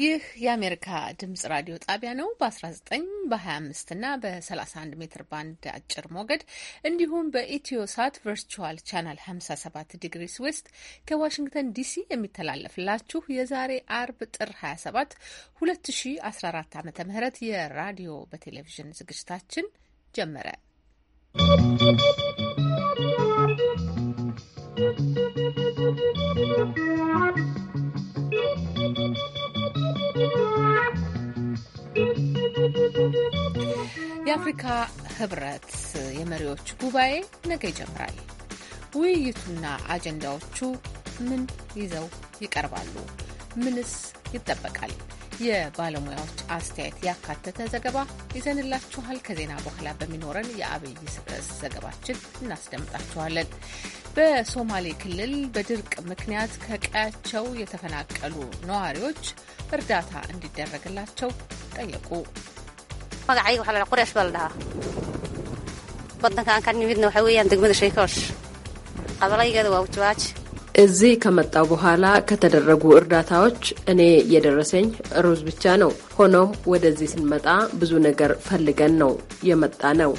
ይህ የአሜሪካ ድምጽ ራዲዮ ጣቢያ ነው። በ19 በ25 እና በ31 ሜትር ባንድ አጭር ሞገድ እንዲሁም በኢትዮሳት ቨርቹዋል ቻናል 57 ዲግሪስ ዌስት ከዋሽንግተን ዲሲ የሚተላለፍላችሁ የዛሬ አርብ ጥር 27 2014 ዓ ም የራዲዮ በቴሌቪዥን ዝግጅታችን ጀመረ። Thank you. የአፍሪካ ህብረት የመሪዎች ጉባኤ ነገ ይጀምራል። ውይይቱና አጀንዳዎቹ ምን ይዘው ይቀርባሉ? ምንስ ይጠበቃል? የባለሙያዎች አስተያየት ያካተተ ዘገባ ይዘንላችኋል። ከዜና በኋላ በሚኖረን የአብይ ርዕስ ዘገባችን እናስደምጣችኋለን። በሶማሌ ክልል በድርቅ ምክንያት ከቀያቸው የተፈናቀሉ ነዋሪዎች እርዳታ እንዲደረግላቸው ጠየቁ። magacayga waxa la dhahaa quraash baa la dhahaa baddanka aan ka nimidna waxa weeyaan degmada sheekoosh qabalaygeeda waa wajawaaji እዚህ ከመጣው በኋላ ከተደረጉ እርዳታዎች እኔ የደረሰኝ ሩዝ ብቻ ነው። ሆኖም ወደዚህ ስንመጣ ብዙ ነገር ፈልገን ነው የመጣ ነው።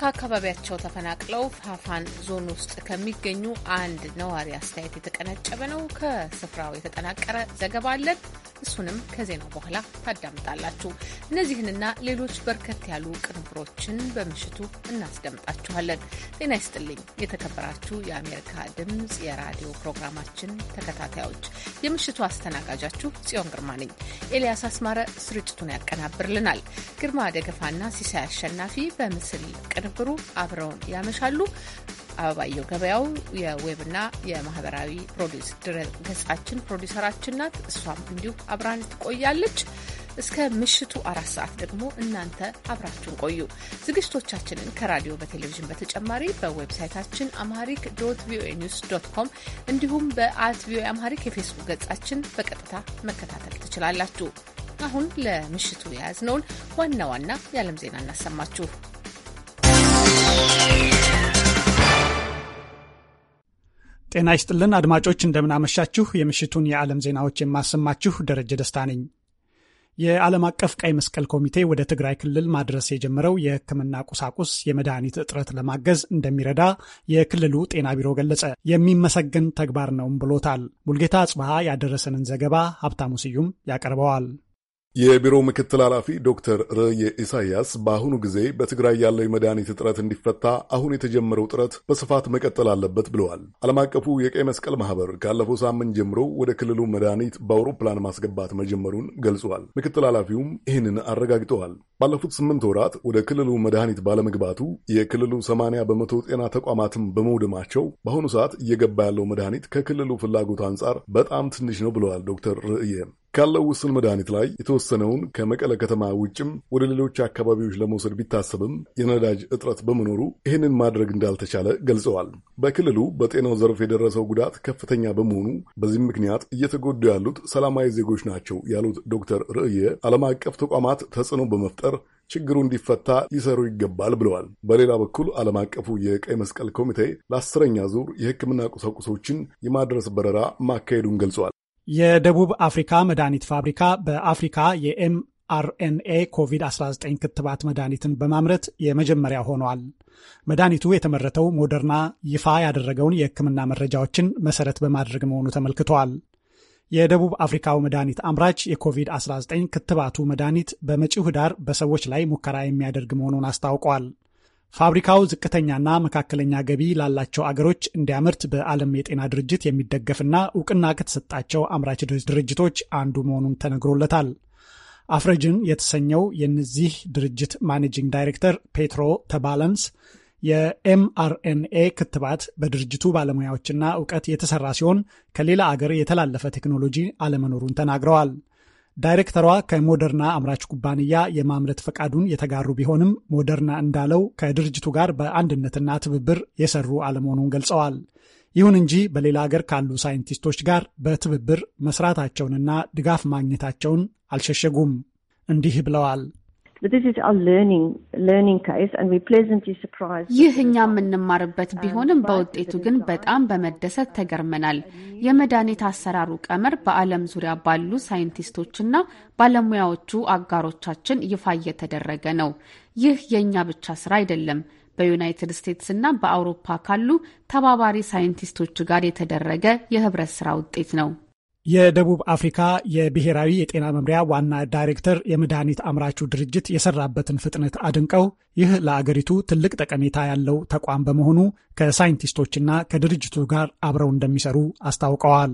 ከአካባቢያቸው ተፈናቅለው ፋፋን ዞን ውስጥ ከሚገኙ አንድ ነዋሪ አስተያየት የተቀነጨበ ነው። ከስፍራው የተጠናቀረ ዘገባ አለን። እሱንም ከዜናው በኋላ ታዳምጣላችሁ። እነዚህንና ሌሎች በርከት ያሉ ቅንብሮችን በምሽቱ እናስደምጣችኋለን። ጤና ይስጥልኝ የተከበራችሁ የአሜሪካ ድምፅ የራዲዮ ፕሮግራማችን ተከታታዮች፣ የምሽቱ አስተናጋጃችሁ ጽዮን ግርማ ነኝ። ኤልያስ አስማረ ስርጭቱን ያቀናብርልናል። ግርማ ደገፋና ሲሳይ አሸናፊ በምስል ቅን ቅንብሩ አብረውን ያመሻሉ። አበባየው ገበያው የዌብና የማህበራዊ ፕሮዲስ ድረ ገጻችን ፕሮዲሰራችን ናት። እሷም እንዲሁ አብራን ትቆያለች። እስከ ምሽቱ አራት ሰዓት ደግሞ እናንተ አብራችሁን ቆዩ። ዝግጅቶቻችንን ከራዲዮ በቴሌቪዥን በተጨማሪ በዌብሳይታችን አማሪክ ዶት ቪኦኤ ኒውስ ዶት ኮም እንዲሁም በአት ቪኦኤ አማሪክ የፌስቡክ ገጻችን በቀጥታ መከታተል ትችላላችሁ። አሁን ለምሽቱ የያዝነውን ዋና ዋና የዓለም ዜና እናሰማችሁ። ጤና ይስጥልን አድማጮች፣ እንደምናመሻችሁ። የምሽቱን የዓለም ዜናዎች የማሰማችሁ ደረጀ ደስታ ነኝ። የዓለም አቀፍ ቀይ መስቀል ኮሚቴ ወደ ትግራይ ክልል ማድረስ የጀመረው የሕክምና ቁሳቁስ የመድኃኒት እጥረት ለማገዝ እንደሚረዳ የክልሉ ጤና ቢሮ ገለጸ። የሚመሰገን ተግባር ነውም ብሎታል። ሙልጌታ ጽብሃ ያደረሰንን ዘገባ ሀብታሙ ስዩም ያቀርበዋል። የቢሮው ምክትል ኃላፊ ዶክተር ርዕዬ ኢሳያስ በአሁኑ ጊዜ በትግራይ ያለው የመድኃኒት እጥረት እንዲፈታ አሁን የተጀመረው ጥረት በስፋት መቀጠል አለበት ብለዋል። ዓለም አቀፉ የቀይ መስቀል ማህበር ካለፈው ሳምንት ጀምሮ ወደ ክልሉ መድኃኒት በአውሮፕላን ማስገባት መጀመሩን ገልጿል። ምክትል ኃላፊውም ይህንን አረጋግጠዋል። ባለፉት ስምንት ወራት ወደ ክልሉ መድኃኒት ባለመግባቱ የክልሉ ሰማንያ በመቶ ጤና ተቋማትም በመውደማቸው በአሁኑ ሰዓት እየገባ ያለው መድኃኒት ከክልሉ ፍላጎት አንጻር በጣም ትንሽ ነው ብለዋል ዶክተር ርዕዬ ካለው ውስን መድኃኒት ላይ የተወሰነውን ከመቀለ ከተማ ውጭም ወደ ሌሎች አካባቢዎች ለመውሰድ ቢታሰብም የነዳጅ እጥረት በመኖሩ ይህንን ማድረግ እንዳልተቻለ ገልጸዋል። በክልሉ በጤናው ዘርፍ የደረሰው ጉዳት ከፍተኛ በመሆኑ በዚህም ምክንያት እየተጎዱ ያሉት ሰላማዊ ዜጎች ናቸው ያሉት ዶክተር ርዕየ ዓለም አቀፍ ተቋማት ተጽዕኖ በመፍጠር ችግሩ እንዲፈታ ሊሰሩ ይገባል ብለዋል። በሌላ በኩል ዓለም አቀፉ የቀይ መስቀል ኮሚቴ ለአስረኛ ዙር የሕክምና ቁሳቁሶችን የማድረስ በረራ ማካሄዱን ገልጿል። የደቡብ አፍሪካ መድኃኒት ፋብሪካ በአፍሪካ የኤምአርኤንኤ ኮቪድ-19 ክትባት መድኃኒትን በማምረት የመጀመሪያ ሆኗል። መድኃኒቱ የተመረተው ሞደርና ይፋ ያደረገውን የሕክምና መረጃዎችን መሰረት በማድረግ መሆኑ ተመልክተዋል። የደቡብ አፍሪካው መድኃኒት አምራች የኮቪድ-19 ክትባቱ መድኃኒት በመጪው ህዳር በሰዎች ላይ ሙከራ የሚያደርግ መሆኑን አስታውቋል። ፋብሪካው ዝቅተኛና መካከለኛ ገቢ ላላቸው አገሮች እንዲያመርት በዓለም የጤና ድርጅት የሚደገፍና እውቅና ከተሰጣቸው አምራች ድርጅቶች አንዱ መሆኑን ተነግሮለታል። አፍረጅን የተሰኘው የነዚህ ድርጅት ማኔጂንግ ዳይሬክተር ፔትሮ ተባለንስ የኤምአርኤንኤ ክትባት በድርጅቱ ባለሙያዎችና እውቀት የተሰራ ሲሆን ከሌላ አገር የተላለፈ ቴክኖሎጂ አለመኖሩን ተናግረዋል። ዳይሬክተሯ ከሞደርና አምራች ኩባንያ የማምረት ፈቃዱን የተጋሩ ቢሆንም ሞደርና እንዳለው ከድርጅቱ ጋር በአንድነትና ትብብር የሰሩ አለመሆኑን ገልጸዋል። ይሁን እንጂ በሌላ አገር ካሉ ሳይንቲስቶች ጋር በትብብር መስራታቸውንና ድጋፍ ማግኘታቸውን አልሸሸጉም። እንዲህ ብለዋል። ይህ እኛ የምንማርበት ቢሆንም በውጤቱ ግን በጣም በመደሰት ተገርመናል። የመድኃኒት አሰራሩ ቀመር በዓለም ዙሪያ ባሉ ሳይንቲስቶችና ባለሙያዎቹ አጋሮቻችን ይፋ እየተደረገ ነው። ይህ የእኛ ብቻ ስራ አይደለም። በዩናይትድ ስቴትስ እና በአውሮፓ ካሉ ተባባሪ ሳይንቲስቶች ጋር የተደረገ የህብረት ስራ ውጤት ነው። የደቡብ አፍሪካ የብሔራዊ የጤና መምሪያ ዋና ዳይሬክተር የመድኃኒት አምራቹ ድርጅት የሰራበትን ፍጥነት አድንቀው ይህ ለአገሪቱ ትልቅ ጠቀሜታ ያለው ተቋም በመሆኑ ከሳይንቲስቶችና ከድርጅቱ ጋር አብረው እንደሚሰሩ አስታውቀዋል።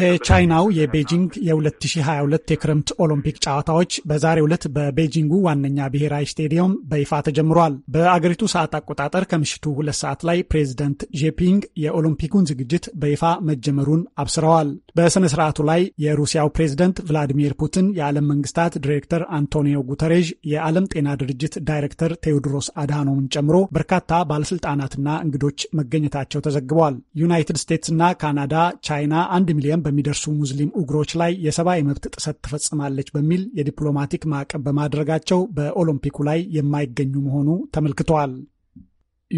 የቻይናው የቤጂንግ የ2022 የክረምት ኦሎምፒክ ጨዋታዎች በዛሬው ዕለት በቤጂንጉ ዋነኛ ብሔራዊ ስቴዲየም በይፋ ተጀምሯል። በአገሪቱ ሰዓት አቆጣጠር ከምሽቱ ሁለት ሰዓት ላይ ፕሬዚደንት ጄፒንግ የኦሎምፒኩን ዝግጅት በይፋ መጀመሩን አብስረዋል። በሥነ ሥርዓቱ ላይ የሩሲያው ፕሬዚደንት ቭላዲሚር ፑቲን፣ የዓለም መንግስታት ዲሬክተር አንቶኒዮ ጉተሬዥ፣ የዓለም ጤና ድርጅት ዳይሬክተር ቴዎድሮስ አድሃኖምን ጨምሮ በርካታ ባለሥልጣናትና እንግዶች መገኘታቸው ተዘግቧል። ዩናይትድ ስቴትስና ካናዳ፣ ቻይና አንድ ሚሊዮን በሚደርሱ ሙስሊም እግሮች ላይ የሰብአዊ መብት ጥሰት ትፈጽማለች በሚል የዲፕሎማቲክ ማዕቀብ በማድረጋቸው በኦሎምፒኩ ላይ የማይገኙ መሆኑ ተመልክተዋል።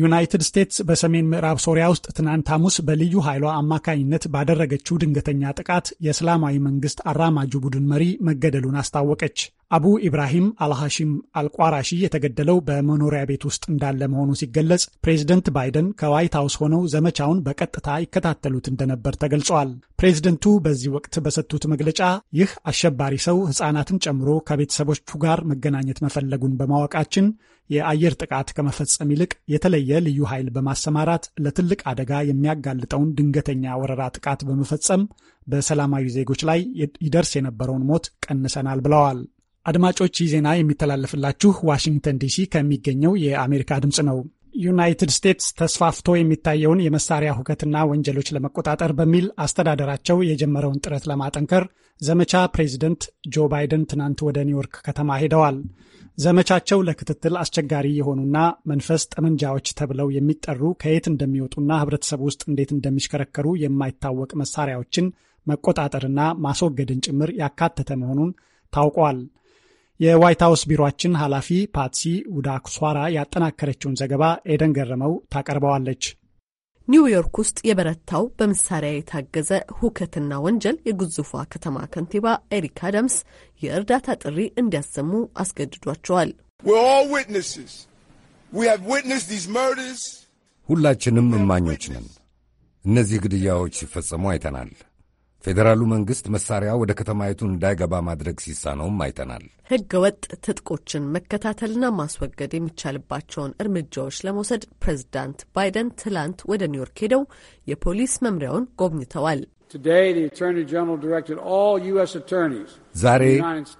ዩናይትድ ስቴትስ በሰሜን ምዕራብ ሶሪያ ውስጥ ትናንት ሐሙስ በልዩ ኃይሏ አማካኝነት ባደረገችው ድንገተኛ ጥቃት የእስላማዊ መንግስት አራማጁ ቡድን መሪ መገደሉን አስታወቀች። አቡ ኢብራሂም አልሐሺም አልቋራሺ የተገደለው በመኖሪያ ቤት ውስጥ እንዳለ መሆኑ ሲገለጽ ፕሬዚደንት ባይደን ከዋይት ሀውስ ሆነው ዘመቻውን በቀጥታ ይከታተሉት እንደነበር ተገልጿል። ፕሬዚደንቱ በዚህ ወቅት በሰጡት መግለጫ ይህ አሸባሪ ሰው ሕፃናትን ጨምሮ ከቤተሰቦቹ ጋር መገናኘት መፈለጉን በማወቃችን የአየር ጥቃት ከመፈጸም ይልቅ የተለየ የተለየ ልዩ ኃይል በማሰማራት ለትልቅ አደጋ የሚያጋልጠውን ድንገተኛ ወረራ ጥቃት በመፈጸም በሰላማዊ ዜጎች ላይ ይደርስ የነበረውን ሞት ቀንሰናል ብለዋል። አድማጮች ይህ ዜና የሚተላለፍላችሁ ዋሽንግተን ዲሲ ከሚገኘው የአሜሪካ ድምፅ ነው። ዩናይትድ ስቴትስ ተስፋፍቶ የሚታየውን የመሳሪያ ሁከትና ወንጀሎች ለመቆጣጠር በሚል አስተዳደራቸው የጀመረውን ጥረት ለማጠንከር ዘመቻ ፕሬዚደንት ጆ ባይደን ትናንት ወደ ኒውዮርክ ከተማ ሄደዋል። ዘመቻቸው ለክትትል አስቸጋሪ የሆኑና መንፈስ ጠመንጃዎች ተብለው የሚጠሩ ከየት እንደሚወጡና ህብረተሰብ ውስጥ እንዴት እንደሚሽከረከሩ የማይታወቅ መሳሪያዎችን መቆጣጠርና ማስወገድን ጭምር ያካተተ መሆኑን ታውቋል። የዋይት ሀውስ ቢሮችን ኃላፊ ፓትሲ ውዳክሷራ ያጠናከረችውን ዘገባ ኤደን ገረመው ታቀርበዋለች። ኒውዮርክ ውስጥ የበረታው በመሳሪያ የታገዘ ሁከትና ወንጀል የግዙፏ ከተማ ከንቲባ ኤሪክ አዳምስ የእርዳታ ጥሪ እንዲያሰሙ አስገድዷቸዋል። ሁላችንም እማኞች ነን። እነዚህ ግድያዎች ሲፈጸሙ አይተናል። ፌዴራሉ መንግስት መሳሪያ ወደ ከተማይቱ እንዳይገባ ማድረግ ሲሳነውም አይተናል። ህገ ወጥ ትጥቆችን መከታተልና ማስወገድ የሚቻልባቸውን እርምጃዎች ለመውሰድ ፕሬዚዳንት ባይደን ትላንት ወደ ኒውዮርክ ሄደው የፖሊስ መምሪያውን ጎብኝተዋል። ዛሬ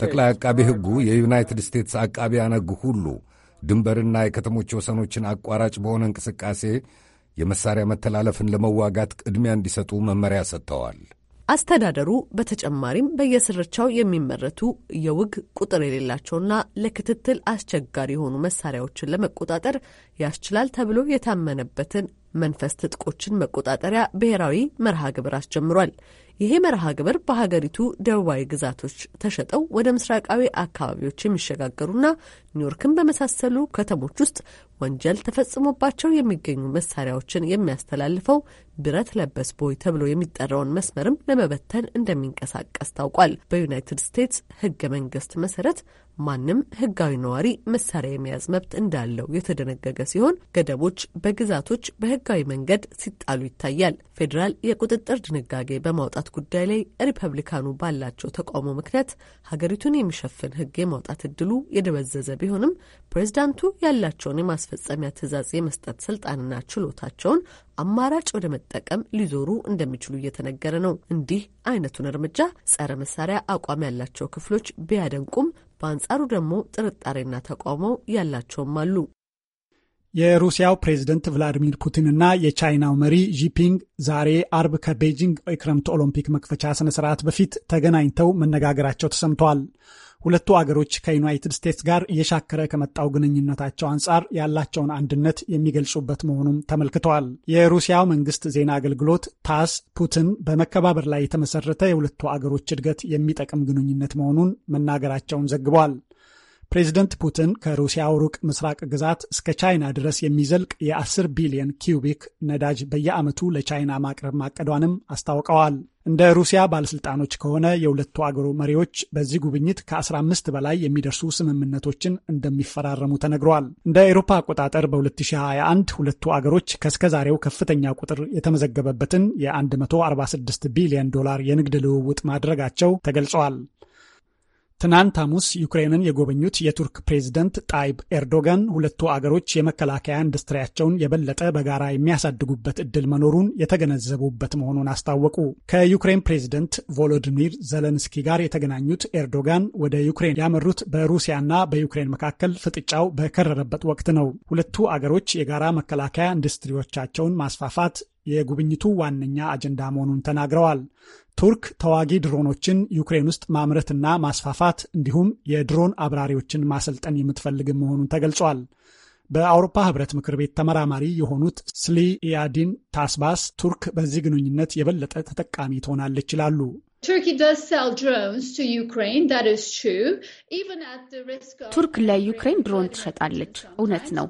ጠቅላይ አቃቢ ሕጉ የዩናይትድ ስቴትስ አቃቢ ሕግ ሁሉ ድንበርና የከተሞች ወሰኖችን አቋራጭ በሆነ እንቅስቃሴ የመሳሪያ መተላለፍን ለመዋጋት ቅድሚያ እንዲሰጡ መመሪያ ሰጥተዋል። አስተዳደሩ በተጨማሪም በየስርቻው የሚመረቱ የውግ ቁጥር የሌላቸውና ለክትትል አስቸጋሪ የሆኑ መሳሪያዎችን ለመቆጣጠር ያስችላል ተብሎ የታመነበትን መንፈስ ትጥቆችን መቆጣጠሪያ ብሔራዊ መርሃ ግብር አስጀምሯል። ይሄ መርሃ ግብር በሀገሪቱ ደቡባዊ ግዛቶች ተሸጠው ወደ ምስራቃዊ አካባቢዎች የሚሸጋገሩና ኒውዮርክን በመሳሰሉ ከተሞች ውስጥ ወንጀል ተፈጽሞባቸው የሚገኙ መሳሪያዎችን የሚያስተላልፈው ብረት ለበስ ቦይ ተብሎ የሚጠራውን መስመርም ለመበተን እንደሚንቀሳቀስ ታውቋል። በዩናይትድ ስቴትስ ሕገ መንግስት መሰረት ማንም ህጋዊ ነዋሪ መሳሪያ የመያዝ መብት እንዳለው የተደነገገ ሲሆን ገደቦች በግዛቶች በህጋዊ መንገድ ሲጣሉ ይታያል። ፌዴራል የቁጥጥር ድንጋጌ በማውጣት ጉዳይ ላይ ሪፐብሊካኑ ባላቸው ተቃውሞ ምክንያት ሀገሪቱን የሚሸፍን ህግ የማውጣት እድሉ የደበዘዘ ቢሆንም ፕሬዝዳንቱ ያላቸውን የማስፈጸሚያ ትእዛዝ የመስጠት ስልጣንና ችሎታቸውን አማራጭ ወደ በመጠቀም ሊዞሩ እንደሚችሉ እየተነገረ ነው። እንዲህ አይነቱን እርምጃ ጸረ መሳሪያ አቋም ያላቸው ክፍሎች ቢያደንቁም፣ በአንጻሩ ደግሞ ጥርጣሬና ተቃውሞ ያላቸውም አሉ። የሩሲያው ፕሬዝደንት ቭላዲሚር ፑቲንና የቻይናው መሪ ዢፒንግ ዛሬ አርብ ከቤጂንግ የክረምት ኦሎምፒክ መክፈቻ ስነ ስርዓት በፊት ተገናኝተው መነጋገራቸው ተሰምተዋል። ሁለቱ አገሮች ከዩናይትድ ስቴትስ ጋር እየሻከረ ከመጣው ግንኙነታቸው አንጻር ያላቸውን አንድነት የሚገልጹበት መሆኑም ተመልክተዋል። የሩሲያው መንግስት ዜና አገልግሎት ታስ ፑቲን በመከባበር ላይ የተመሰረተ የሁለቱ አገሮች እድገት የሚጠቅም ግንኙነት መሆኑን መናገራቸውን ዘግቧል። ፕሬዚደንት ፑቲን ከሩሲያው ሩቅ ምስራቅ ግዛት እስከ ቻይና ድረስ የሚዘልቅ የ10 ቢሊዮን ኪዩቢክ ነዳጅ በየዓመቱ ለቻይና ማቅረብ ማቀዷንም አስታውቀዋል። እንደ ሩሲያ ባለሥልጣኖች ከሆነ የሁለቱ አገሩ መሪዎች በዚህ ጉብኝት ከ15 በላይ የሚደርሱ ስምምነቶችን እንደሚፈራረሙ ተነግሯል። እንደ አውሮፓ አቆጣጠር በ2021 ሁለቱ አገሮች ከእስከዛሬው ከፍተኛ ቁጥር የተመዘገበበትን የ146 ቢሊዮን ዶላር የንግድ ልውውጥ ማድረጋቸው ተገልጿል። ትናንት ሐሙስ ዩክሬንን የጎበኙት የቱርክ ፕሬዝደንት ጣይብ ኤርዶጋን ሁለቱ አገሮች የመከላከያ ኢንዱስትሪያቸውን የበለጠ በጋራ የሚያሳድጉበት እድል መኖሩን የተገነዘቡበት መሆኑን አስታወቁ። ከዩክሬን ፕሬዝደንት ቮሎዲሚር ዘለንስኪ ጋር የተገናኙት ኤርዶጋን ወደ ዩክሬን ያመሩት በሩሲያና በዩክሬን መካከል ፍጥጫው በከረረበት ወቅት ነው። ሁለቱ አገሮች የጋራ መከላከያ ኢንዱስትሪዎቻቸውን ማስፋፋት የጉብኝቱ ዋነኛ አጀንዳ መሆኑን ተናግረዋል። ቱርክ ተዋጊ ድሮኖችን ዩክሬን ውስጥ ማምረትና ማስፋፋት እንዲሁም የድሮን አብራሪዎችን ማሰልጠን የምትፈልግ መሆኑን ተገልጿል። በአውሮፓ ህብረት ምክር ቤት ተመራማሪ የሆኑት ስሊ ኢያዲን ታስባስ ቱርክ በዚህ ግንኙነት የበለጠ ተጠቃሚ ትሆናለች ይላሉ። ቱርክ ለዩክሬን ድሮን ትሸጣለች። እውነት ነው።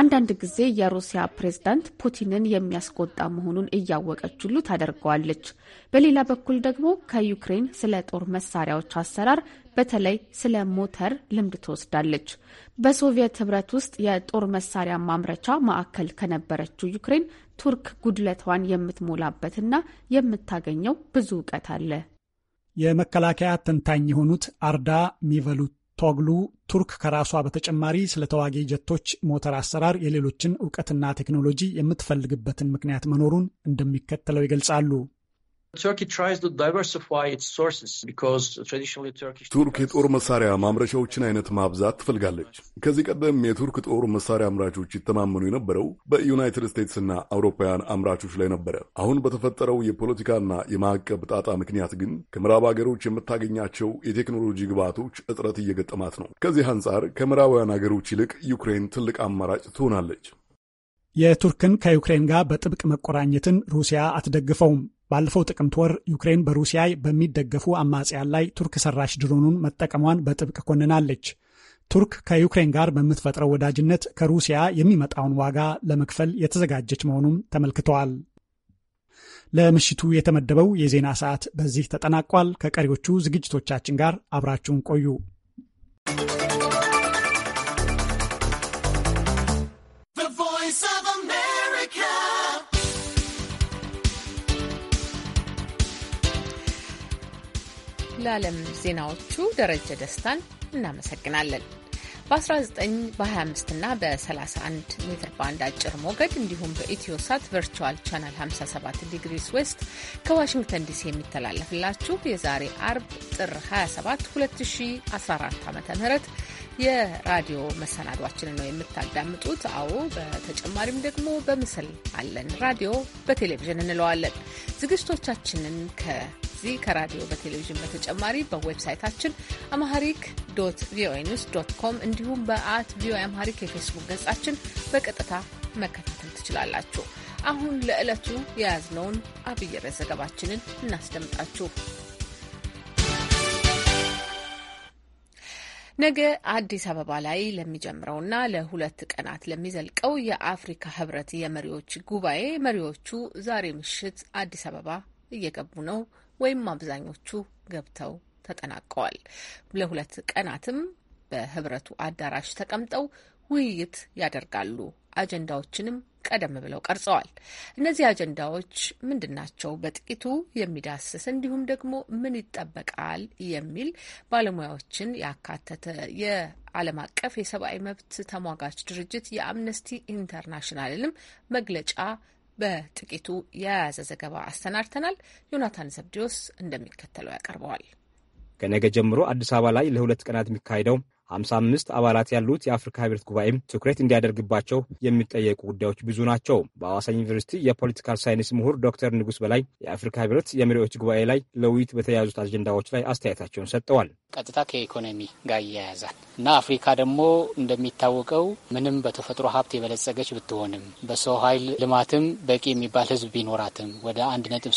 አንዳንድ ጊዜ የሩሲያ ፕሬዝዳንት ፑቲንን የሚያስቆጣ መሆኑን እያወቀች ሁሉ ታደርገዋለች። በሌላ በኩል ደግሞ ከዩክሬን ስለ ጦር መሳሪያዎች አሰራር በተለይ ስለ ሞተር ልምድ ትወስዳለች። በሶቪየት ህብረት ውስጥ የጦር መሳሪያ ማምረቻ ማዕከል ከነበረችው ዩክሬን ቱርክ ጉድለቷን የምትሞላበትና የምታገኘው ብዙ እውቀት አለ። የመከላከያ ተንታኝ የሆኑት አርዳ ሚቨሉት ቶግሉ ቱርክ ከራሷ በተጨማሪ ስለ ተዋጊ ጀቶች ሞተር አሰራር የሌሎችን እውቀትና ቴክኖሎጂ የምትፈልግበትን ምክንያት መኖሩን እንደሚከተለው ይገልጻሉ። ቱርክ የጦር መሳሪያ ማምረቻዎችን አይነት ማብዛት ትፈልጋለች። ከዚህ ቀደም የቱርክ ጦር መሳሪያ አምራቾች ይተማመኑ የነበረው በዩናይትድ ስቴትስና አውሮፓውያን አምራቾች ላይ ነበረ። አሁን በተፈጠረው የፖለቲካና የማዕቀብ ጣጣ ምክንያት ግን ከምዕራብ ሀገሮች የምታገኛቸው የቴክኖሎጂ ግብዓቶች እጥረት እየገጠማት ነው። ከዚህ አንጻር ከምዕራባውያን ሀገሮች ይልቅ ዩክሬን ትልቅ አማራጭ ትሆናለች። የቱርክን ከዩክሬን ጋር በጥብቅ መቆራኘትን ሩሲያ አትደግፈውም። ባለፈው ጥቅምት ወር ዩክሬን በሩሲያ በሚደገፉ አማጽያን ላይ ቱርክ ሰራሽ ድሮኑን መጠቀሟን በጥብቅ ኮንናለች። ቱርክ ከዩክሬን ጋር በምትፈጥረው ወዳጅነት ከሩሲያ የሚመጣውን ዋጋ ለመክፈል የተዘጋጀች መሆኑም ተመልክተዋል። ለምሽቱ የተመደበው የዜና ሰዓት በዚህ ተጠናቋል። ከቀሪዎቹ ዝግጅቶቻችን ጋር አብራችሁን ቆዩ። ለዓለም ዜናዎቹ ደረጀ ደስታን እናመሰግናለን። በ19 በ25 እና በ31 ሜትር ባንድ አጭር ሞገድ እንዲሁም በኢትዮሳት ቨርቹዋል ቻናል 57 ዲግሪስ ዌስት ከዋሽንግተን ዲሲ የሚተላለፍላችሁ የዛሬ አርብ ጥር 27 2014 ዓ ም የራዲዮ መሰናዷችን ነው የምታዳምጡት። አዎ፣ በተጨማሪም ደግሞ በምስል አለን። ራዲዮ በቴሌቪዥን እንለዋለን። ዝግጅቶቻችንን ከ በዚህ ከራዲዮ በቴሌቪዥን በተጨማሪ በዌብሳይታችን አማሃሪክ ዶት ቪኦኤ ኒውስ ዶት ኮም እንዲሁም በአት ቪኦኤ አማሪክ የፌስቡክ ገጻችን በቀጥታ መከታተል ትችላላችሁ። አሁን ለዕለቱ የያዝነውን አብይ ርዕስ ዘገባችንን እናስደምጣችሁ። ነገ አዲስ አበባ ላይ ለሚጀምረውና ለሁለት ቀናት ለሚዘልቀው የአፍሪካ ሕብረት የመሪዎች ጉባኤ መሪዎቹ ዛሬ ምሽት አዲስ አበባ እየገቡ ነው። ወይም አብዛኞቹ ገብተው ተጠናቀዋል። ለሁለት ቀናትም በህብረቱ አዳራሽ ተቀምጠው ውይይት ያደርጋሉ። አጀንዳዎችንም ቀደም ብለው ቀርጸዋል። እነዚህ አጀንዳዎች ምንድን ናቸው? በጥቂቱ የሚዳስስ እንዲሁም ደግሞ ምን ይጠበቃል የሚል ባለሙያዎችን ያካተተ የዓለም አቀፍ የሰብአዊ መብት ተሟጋች ድርጅት የአምነስቲ ኢንተርናሽናልንም መግለጫ በጥቂቱ የያዘ ዘገባ አሰናድተናል። ዮናታን ዘብዲዮስ እንደሚከተለው ያቀርበዋል። ከነገ ጀምሮ አዲስ አበባ ላይ ለሁለት ቀናት የሚካሄደው አምስት አባላት ያሉት የአፍሪካ ህብረት ጉባኤም ትኩረት እንዲያደርግባቸው የሚጠየቁ ጉዳዮች ብዙ ናቸው። በአዋሳ ዩኒቨርሲቲ የፖለቲካል ሳይንስ ምሁር ዶክተር ንጉስ በላይ የአፍሪካ ህብረት የመሪዎች ጉባኤ ላይ ለውይይት በተያያዙት አጀንዳዎች ላይ አስተያየታቸውን ሰጥተዋል። ቀጥታ ከኢኮኖሚ ጋር ይያያዛል እና አፍሪካ ደግሞ እንደሚታወቀው ምንም በተፈጥሮ ሀብት የበለጸገች ብትሆንም በሰው ኃይል ልማትም በቂ የሚባል ህዝብ ቢኖራትም ወደ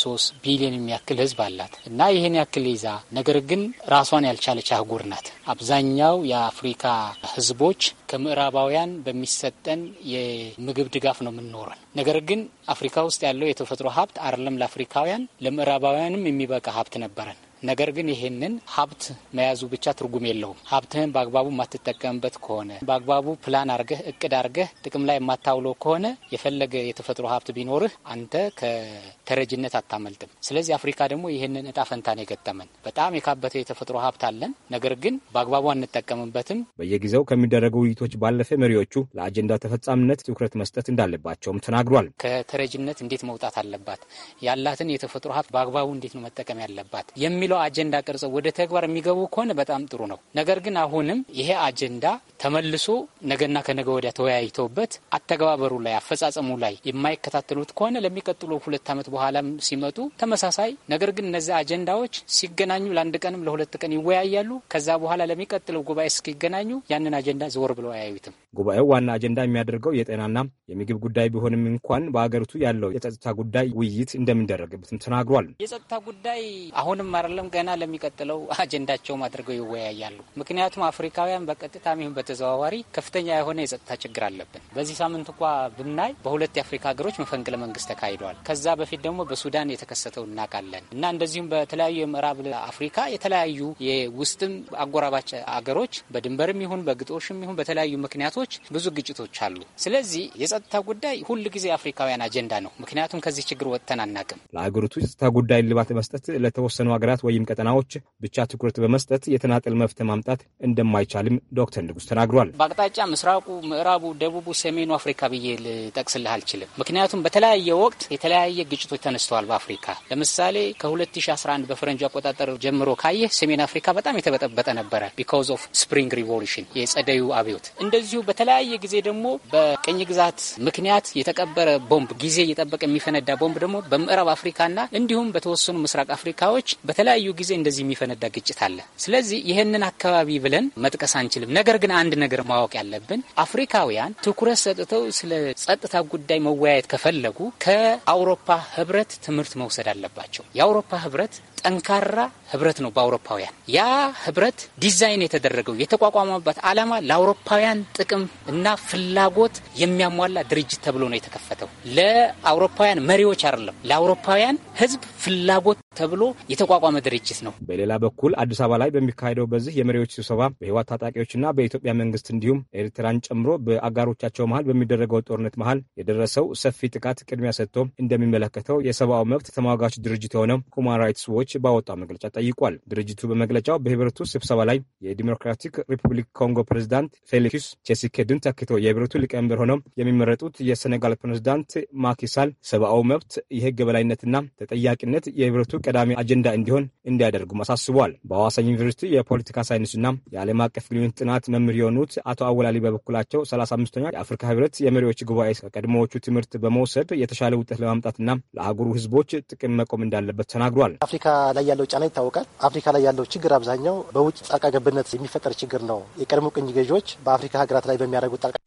ሶስት ቢሊዮን የሚያክል ህዝብ አላት እና ይህን ያክል ይዛ ነገር ግን ራሷን ያልቻለች አህጉር ናት። አብዛኛው የአፍሪካ ህዝቦች ከምዕራባውያን በሚሰጠን የምግብ ድጋፍ ነው የምንኖረን። ነገር ግን አፍሪካ ውስጥ ያለው የተፈጥሮ ሀብት አይደለም ለአፍሪካውያን፣ ለምዕራባውያንም የሚበቃ ሀብት ነበረን። ነገር ግን ይሄንን ሀብት መያዙ ብቻ ትርጉም የለውም። ሀብትህን በአግባቡ የማትጠቀምበት ከሆነ በአግባቡ ፕላን አርገህ እቅድ አርገህ ጥቅም ላይ የማታውለው ከሆነ የፈለገ የተፈጥሮ ሀብት ቢኖርህ አንተ ከተረጅነት አታመልጥም። ስለዚህ አፍሪካ ደግሞ ይህንን እጣ ፈንታን የገጠመን በጣም የካበተ የተፈጥሮ ሀብት አለን፣ ነገር ግን በአግባቡ አንጠቀምበትም። በየጊዜው ከሚደረጉ ውይይቶች ባለፈ መሪዎቹ ለአጀንዳ ተፈጻሚነት ትኩረት መስጠት እንዳለባቸውም ተናግሯል። ከተረጅነት እንዴት መውጣት አለባት፣ ያላትን የተፈጥሮ ሀብት በአግባቡ እንዴት ነው መጠቀም ያለባት የሚል የሚለው አጀንዳ ቀርጸው ወደ ተግባር የሚገቡ ከሆነ በጣም ጥሩ ነው። ነገር ግን አሁንም ይሄ አጀንዳ ተመልሶ ነገና ከነገ ወዲያ ተወያይተውበት አተገባበሩ ላይ አፈጻጸሙ ላይ የማይከታተሉት ከሆነ ለሚቀጥሉ ሁለት ዓመት በኋላም ሲመጡ ተመሳሳይ ነገር ግን እነዚህ አጀንዳዎች ሲገናኙ ለአንድ ቀንም ለሁለት ቀን ይወያያሉ። ከዛ በኋላ ለሚቀጥለው ጉባኤ እስኪገናኙ ያንን አጀንዳ ዘወር ብለው አያዩትም። ጉባኤው ዋና አጀንዳ የሚያደርገው የጤናና የምግብ ጉዳይ ቢሆንም እንኳን በሀገሪቱ ያለው የጸጥታ ጉዳይ ውይይት እንደሚደረግበትም ተናግሯል። የጸጥታ ጉዳይ አሁንም አለ አይደለም ገና ለሚቀጥለው አጀንዳቸውም አድርገው ይወያያሉ። ምክንያቱም አፍሪካውያን በቀጥታ ይሁን በተዘዋዋሪ ከፍተኛ የሆነ የጸጥታ ችግር አለብን። በዚህ ሳምንት እንኳ ብናይ በሁለት የአፍሪካ ሀገሮች መፈንቅለ መንግስት ተካሂደዋል። ከዛ በፊት ደግሞ በሱዳን የተከሰተው እናውቃለን እና እንደዚሁም በተለያዩ የምዕራብ አፍሪካ የተለያዩ የውስጥም አጎራባች አገሮች በድንበርም ይሁን በግጦሽም ይሁን በተለያዩ ምክንያቶች ብዙ ግጭቶች አሉ። ስለዚህ የጸጥታ ጉዳይ ሁል ጊዜ የአፍሪካውያን አጀንዳ ነው። ምክንያቱም ከዚህ ችግር ወጥተን አናቅም። ለአገሪቱ የጸጥታ ጉዳይ ልባት መስጠት ለተወሰኑ ሀገራት ወይም ቀጠናዎች ብቻ ትኩረት በመስጠት የተናጠል መፍትሄ ማምጣት እንደማይቻልም ዶክተር ንጉስ ተናግሯል። በአቅጣጫ ምስራቁ፣ ምዕራቡ፣ ደቡቡ፣ ሰሜኑ አፍሪካ ብዬ ልጠቅስልህ አልችልም። ምክንያቱም በተለያየ ወቅት የተለያየ ግጭቶች ተነስተዋል በአፍሪካ ለምሳሌ ከ2011 በፈረንጅ አቆጣጠር ጀምሮ ካየህ ሰሜን አፍሪካ በጣም የተበጠበጠ ነበረ ቢኮዝ ኦፍ ስፕሪንግ ሪቮሉሽን የጸደዩ አብዮት። እንደዚሁ በተለያየ ጊዜ ደግሞ በቅኝ ግዛት ምክንያት የተቀበረ ቦምብ ጊዜ እየጠበቀ የሚፈነዳ ቦምብ ደግሞ በምዕራብ አፍሪካና እንዲሁም በተወሰኑ ምስራቅ አፍሪካዎች በተለ በተለያዩ ጊዜ እንደዚህ የሚፈነዳ ግጭት አለ። ስለዚህ ይህንን አካባቢ ብለን መጥቀስ አንችልም። ነገር ግን አንድ ነገር ማወቅ ያለብን አፍሪካውያን ትኩረት ሰጥተው ስለ ጸጥታ ጉዳይ መወያየት ከፈለጉ ከአውሮፓ ህብረት ትምህርት መውሰድ አለባቸው። የአውሮፓ ህብረት ጠንካራ ህብረት ነው በአውሮፓውያን። ያ ህብረት ዲዛይን የተደረገው የተቋቋመበት ዓላማ ለአውሮፓውያን ጥቅም እና ፍላጎት የሚያሟላ ድርጅት ተብሎ ነው የተከፈተው። ለአውሮፓውያን መሪዎች አይደለም፣ ለአውሮፓውያን ህዝብ ፍላጎት ተብሎ የተቋቋመ ድርጅት ነው። በሌላ በኩል አዲስ አበባ ላይ በሚካሄደው በዚህ የመሪዎች ስብሰባ በህወሓት ታጣቂዎችና በኢትዮጵያ መንግስት እንዲሁም ኤርትራን ጨምሮ በአጋሮቻቸው መሀል በሚደረገው ጦርነት መሀል የደረሰው ሰፊ ጥቃት ቅድሚያ ሰጥቶ እንደሚመለከተው የሰብአዊ መብት ተሟጋች ድርጅት የሆነው ሁማን ራይትስ ዎች መሪዎች ባወጣው መግለጫ ጠይቋል። ድርጅቱ በመግለጫው በህብረቱ ስብሰባ ላይ የዲሞክራቲክ ሪፑብሊክ ኮንጎ ፕሬዚዳንት ፌሊክስ ቼሲኬድን ተክቶ የህብረቱ ሊቀመንበር ሆነው የሚመረጡት የሴኔጋል ፕሬዚዳንት ማኪሳል ሰብአዊ መብት፣ የህግ በላይነትና ተጠያቂነት የህብረቱ ቀዳሚ አጀንዳ እንዲሆን እንዲያደርጉም አሳስቧል። በሐዋሳ ዩኒቨርሲቲ የፖለቲካ ሳይንስና የዓለም አቀፍ ግንኙነት ጥናት መምህር የሆኑት አቶ አወላሊ በበኩላቸው 35ኛ የአፍሪካ ህብረት የመሪዎች ጉባኤ ከቀድሞዎቹ ትምህርት በመውሰድ የተሻለ ውጤት ለማምጣትና ለአህጉሩ ህዝቦች ጥቅም መቆም እንዳለበት ተናግሯል። አፍሪካ ላይ ያለው ጫና ይታወቃል። አፍሪካ ላይ ያለው ችግር አብዛኛው በውጭ ጣልቃ ገብነት የሚፈጠር ችግር ነው። የቀድሞ ቅኝ ገዢዎች በአፍሪካ ሀገራት ላይ በሚያደርጉት ጣልቃ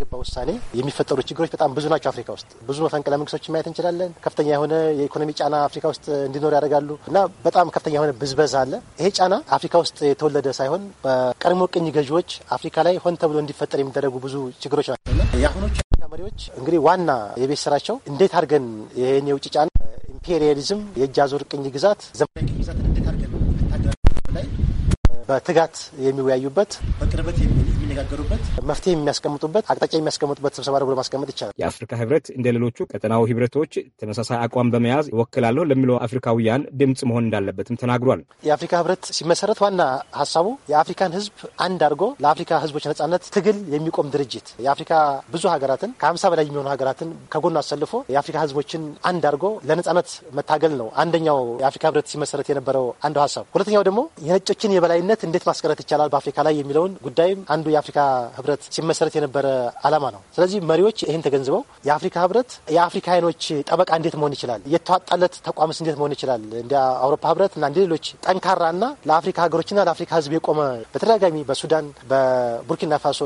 ገባ ውሳኔ የሚፈጠሩ ችግሮች በጣም ብዙ ናቸው። አፍሪካ ውስጥ ብዙ መፈንቅለ መንግስቶች ማየት እንችላለን። ከፍተኛ የሆነ የኢኮኖሚ ጫና አፍሪካ ውስጥ እንዲኖር ያደርጋሉ እና በጣም ከፍተኛ የሆነ ብዝበዛ አለ። ይሄ ጫና አፍሪካ ውስጥ የተወለደ ሳይሆን በቀድሞ ቅኝ ገዢዎች አፍሪካ ላይ ሆን ተብሎ እንዲፈጠር የሚደረጉ ብዙ ችግሮች ናቸው። የአሁኖቹ መሪዎች እንግዲህ ዋና የቤት ስራቸው እንዴት አድርገን ይህን የውጭ ጫና ኢምፔሪያሊዝም የእጅ አዙር ቅኝ ግዛት በትጋት የሚወያዩበት በቅርበት የሚነጋገሩበት መፍትሄ የሚያስቀምጡበት አቅጣጫ የሚያስቀምጡበት ስብሰባ ብሎ ማስቀመጥ ይቻላል። የአፍሪካ ህብረት እንደ ሌሎቹ ቀጠናዊ ህብረቶች ተመሳሳይ አቋም በመያዝ ይወክላለሁ ለሚለው አፍሪካውያን ድምፅ መሆን እንዳለበትም ተናግሯል። የአፍሪካ ህብረት ሲመሰረት ዋና ሀሳቡ የአፍሪካን ህዝብ አንድ አድርጎ ለአፍሪካ ህዝቦች ነጻነት ትግል የሚቆም ድርጅት የአፍሪካ ብዙ ሀገራትን ከሀምሳ በላይ የሚሆኑ ሀገራትን ከጎኑ አሰልፎ የአፍሪካ ህዝቦችን አንድ አድርጎ ለነጻነት መታገል ነው አንደኛው የአፍሪካ ህብረት ሲመሰረት የነበረው አንዱ ሀሳብ። ሁለተኛው ደግሞ የነጮችን የበላይነት እንዴት ማስቀረት ይቻላል በአፍሪካ ላይ የሚለውን ጉዳይም አንዱ የአፍሪካ ህብረት ሲመሰረት የነበረ አላማ ነው። ስለዚህ መሪዎች ይህን ተገንዝበው የአፍሪካ ህብረት የአፍሪካ አይኖች ጠበቃ እንዴት መሆን ይችላል፣ የተዋጣለት ተቋምስ እንዴት መሆን ይችላል፣ እንደ አውሮፓ ህብረትና እንደ ሌሎች ጠንካራና ለአፍሪካ ሀገሮችና ለአፍሪካ ህዝብ የቆመ በተደጋጋሚ በሱዳን በቡርኪና ፋሶ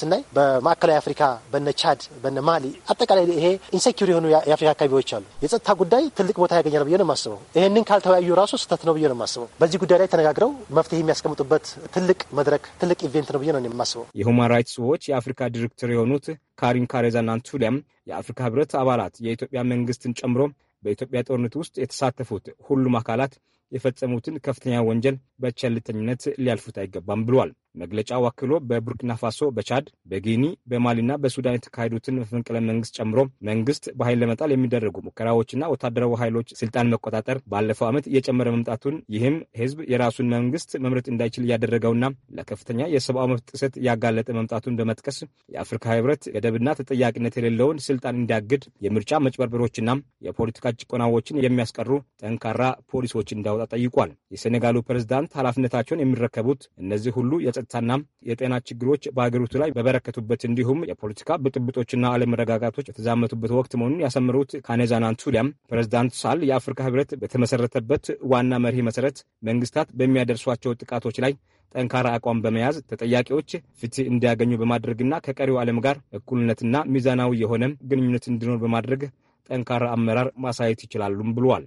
ስናይ፣ በማዕከላዊ አፍሪካ በነ ቻድ በነ ማሊ አጠቃላይ ይሄ ኢንሴኪሪ የሆኑ የአፍሪካ አካባቢዎች አሉ። የጸጥታ ጉዳይ ትልቅ ቦታ ያገኛል ብዬ ነው የማስበው። ይህንን ካልተወያዩ ራሱ ስህተት ነው ብዬ ነው የማስበው። በዚህ ጉዳይ ላይ ተነጋግረው መፍትሄ የሚያስቀምጡበት ትልቅ መድረክ ትልቅ ኢቬንት ነው ብዬ ነው የማስበው። የሁማን ራይትስ ዎች የአፍሪካ ዲሬክተር የሆኑት ካሪን ካሬዛ ናንቱሊያም የአፍሪካ ህብረት አባላት የኢትዮጵያ መንግስትን ጨምሮ በኢትዮጵያ ጦርነት ውስጥ የተሳተፉት ሁሉም አካላት የፈጸሙትን ከፍተኛ ወንጀል በቸልተኝነት ሊያልፉት አይገባም ብሏል። መግለጫው አክሎ በቡርኪና ፋሶ፣ በቻድ፣ በጊኒ፣ በማሊና በሱዳን የተካሄዱትን መፈንቅለ መንግስት ጨምሮ መንግስት በኃይል ለመጣል የሚደረጉ ሙከራዎችና ወታደራዊ ኃይሎች ስልጣን መቆጣጠር ባለፈው ዓመት እየጨመረ መምጣቱን ይህም ህዝብ የራሱን መንግስት መምረጥ እንዳይችል እያደረገውና ለከፍተኛ የሰብአዊ መብት ጥሰት እያጋለጠ መምጣቱን በመጥቀስ የአፍሪካ ህብረት ገደብና ተጠያቂነት የሌለውን ስልጣን እንዲያግድ የምርጫ መጭበርበሮችና የፖለቲካ ጭቆናዎችን የሚያስቀሩ ጠንካራ ፖሊሶች እንዳወጣ ጠይቋል። የሴኔጋሉ ፕሬዝዳንት ኃላፊነታቸውን የሚረከቡት እነዚህ ሁሉ የጸጥታና የጤና ችግሮች በሀገሪቱ ላይ በበረከቱበት እንዲሁም የፖለቲካ ብጥብጦችና አለመረጋጋቶች የተዛመቱበት ወቅት መሆኑን ያሰምሩት ካኔዛናን ቱሊያም ፕሬዚዳንት ሳል የአፍሪካ ህብረት በተመሰረተበት ዋና መርህ መሰረት መንግስታት በሚያደርሷቸው ጥቃቶች ላይ ጠንካራ አቋም በመያዝ ተጠያቂዎች ፍትህ እንዲያገኙ በማድረግና ከቀሪው ዓለም ጋር እኩልነትና ሚዛናዊ የሆነ ግንኙነት እንዲኖር በማድረግ ጠንካራ አመራር ማሳየት ይችላሉም ብሏል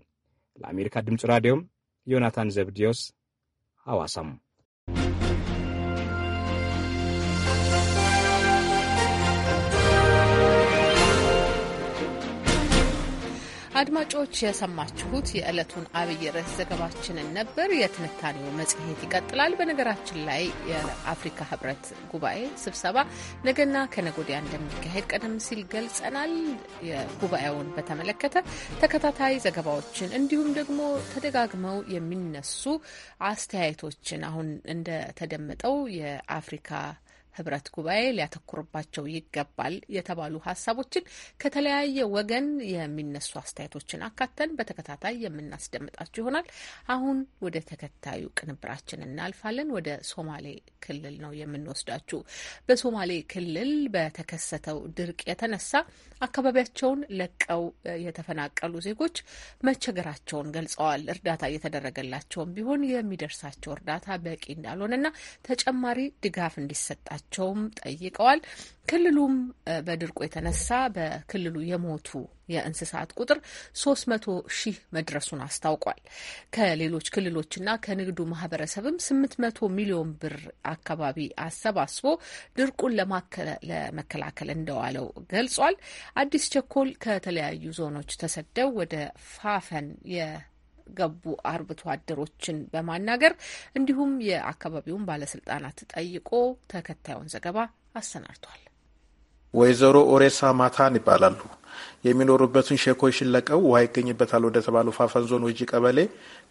ለአሜሪካ ድምፅ ራዲዮም ዮናታን ዘብዲዮስ ሐዋሳም አድማጮች የሰማችሁት የዕለቱን አብይ ርዕስ ዘገባችንን ነበር። የትንታኔው መጽሔት ይቀጥላል። በነገራችን ላይ የአፍሪካ ህብረት ጉባኤ ስብሰባ ነገና ከነጎዲያ እንደሚካሄድ ቀደም ሲል ገልጸናል። የጉባኤውን በተመለከተ ተከታታይ ዘገባዎችን እንዲሁም ደግሞ ተደጋግመው የሚነሱ አስተያየቶችን አሁን እንደተደመጠው የአፍሪካ ህብረት ጉባኤ ሊያተኩርባቸው ይገባል የተባሉ ሀሳቦችን ከተለያየ ወገን የሚነሱ አስተያየቶችን አካተን በተከታታይ የምናስደምጣችሁ ይሆናል። አሁን ወደ ተከታዩ ቅንብራችን እናልፋለን። ወደ ሶማሌ ክልል ነው የምንወስዳችሁ። በሶማሌ ክልል በተከሰተው ድርቅ የተነሳ አካባቢያቸውን ለቀው የተፈናቀሉ ዜጎች መቸገራቸውን ገልጸዋል። እርዳታ እየተደረገላቸውም ቢሆን የሚደርሳቸው እርዳታ በቂ እንዳልሆነና ተጨማሪ ድጋፍ እንዲሰጣቸው እንዲሰጣቸውም ጠይቀዋል። ክልሉም በድርቁ የተነሳ በክልሉ የሞቱ የእንስሳት ቁጥር ሶስት መቶ ሺህ መድረሱን አስታውቋል። ከሌሎች ክልሎችና ከንግዱ ማህበረሰብም ስምንት መቶ ሚሊዮን ብር አካባቢ አሰባስቦ ድርቁን ለመከላከል እንደዋለው ገልጿል። አዲስ ቸኮል ከተለያዩ ዞኖች ተሰደው ወደ ፋፈን ገቡ አርብቶ አደሮችን በማናገር እንዲሁም የአካባቢውን ባለስልጣናት ጠይቆ ተከታዩን ዘገባ አሰናድቷል። ወይዘሮ ኦሬሳ ማታን ይባላሉ። የሚኖሩበትን ሼኮች ለቀው ውሃ ይገኝበታል ወደ ተባለው ፋፈን ዞን ወጂ ቀበሌ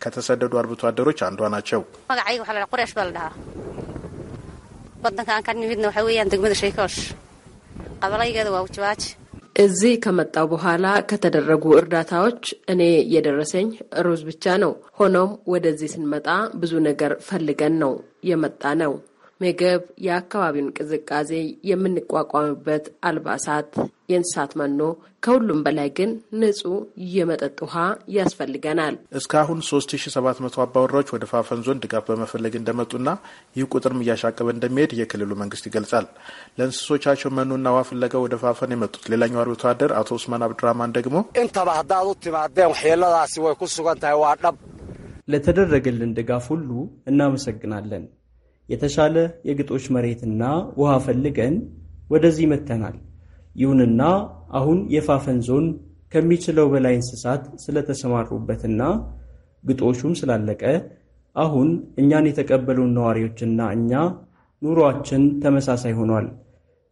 ከተሰደዱ አርብቶ አደሮች አንዷ ናቸው። ወጠንካንካኒ እዚህ ከመጣው በኋላ ከተደረጉ እርዳታዎች እኔ የደረሰኝ ሩዝ ብቻ ነው። ሆኖም ወደዚህ ስንመጣ ብዙ ነገር ፈልገን ነው የመጣ ነው። ምግብ፣ የአካባቢውን ቅዝቃዜ የምንቋቋምበት አልባሳት፣ የእንስሳት መኖ፣ ከሁሉም በላይ ግን ንጹህ የመጠጥ ውሃ ያስፈልገናል። እስካሁን 3700 አባወራዎች ወደ ፋፈን ዞን ድጋፍ በመፈለግ እንደመጡና ይህ ቁጥርም እያሻቀበ እንደሚሄድ የክልሉ መንግስት ይገልጻል። ለእንስሶቻቸው መኖና ውሃ ፍለጋ ወደ ፋፈን የመጡት ሌላኛው አርብቶ አደር አቶ ኡስማን አብድራማን ደግሞ ለተደረገልን ድጋፍ ሁሉ እናመሰግናለን። የተሻለ የግጦሽ መሬትና ውሃ ፈልገን ወደዚህ መጥተናል። ይሁንና አሁን የፋፈን ዞን ከሚችለው በላይ እንስሳት ስለተሰማሩበትና ግጦሹም ስላለቀ አሁን እኛን የተቀበሉን ነዋሪዎችና እኛ ኑሯችን ተመሳሳይ ሆኗል።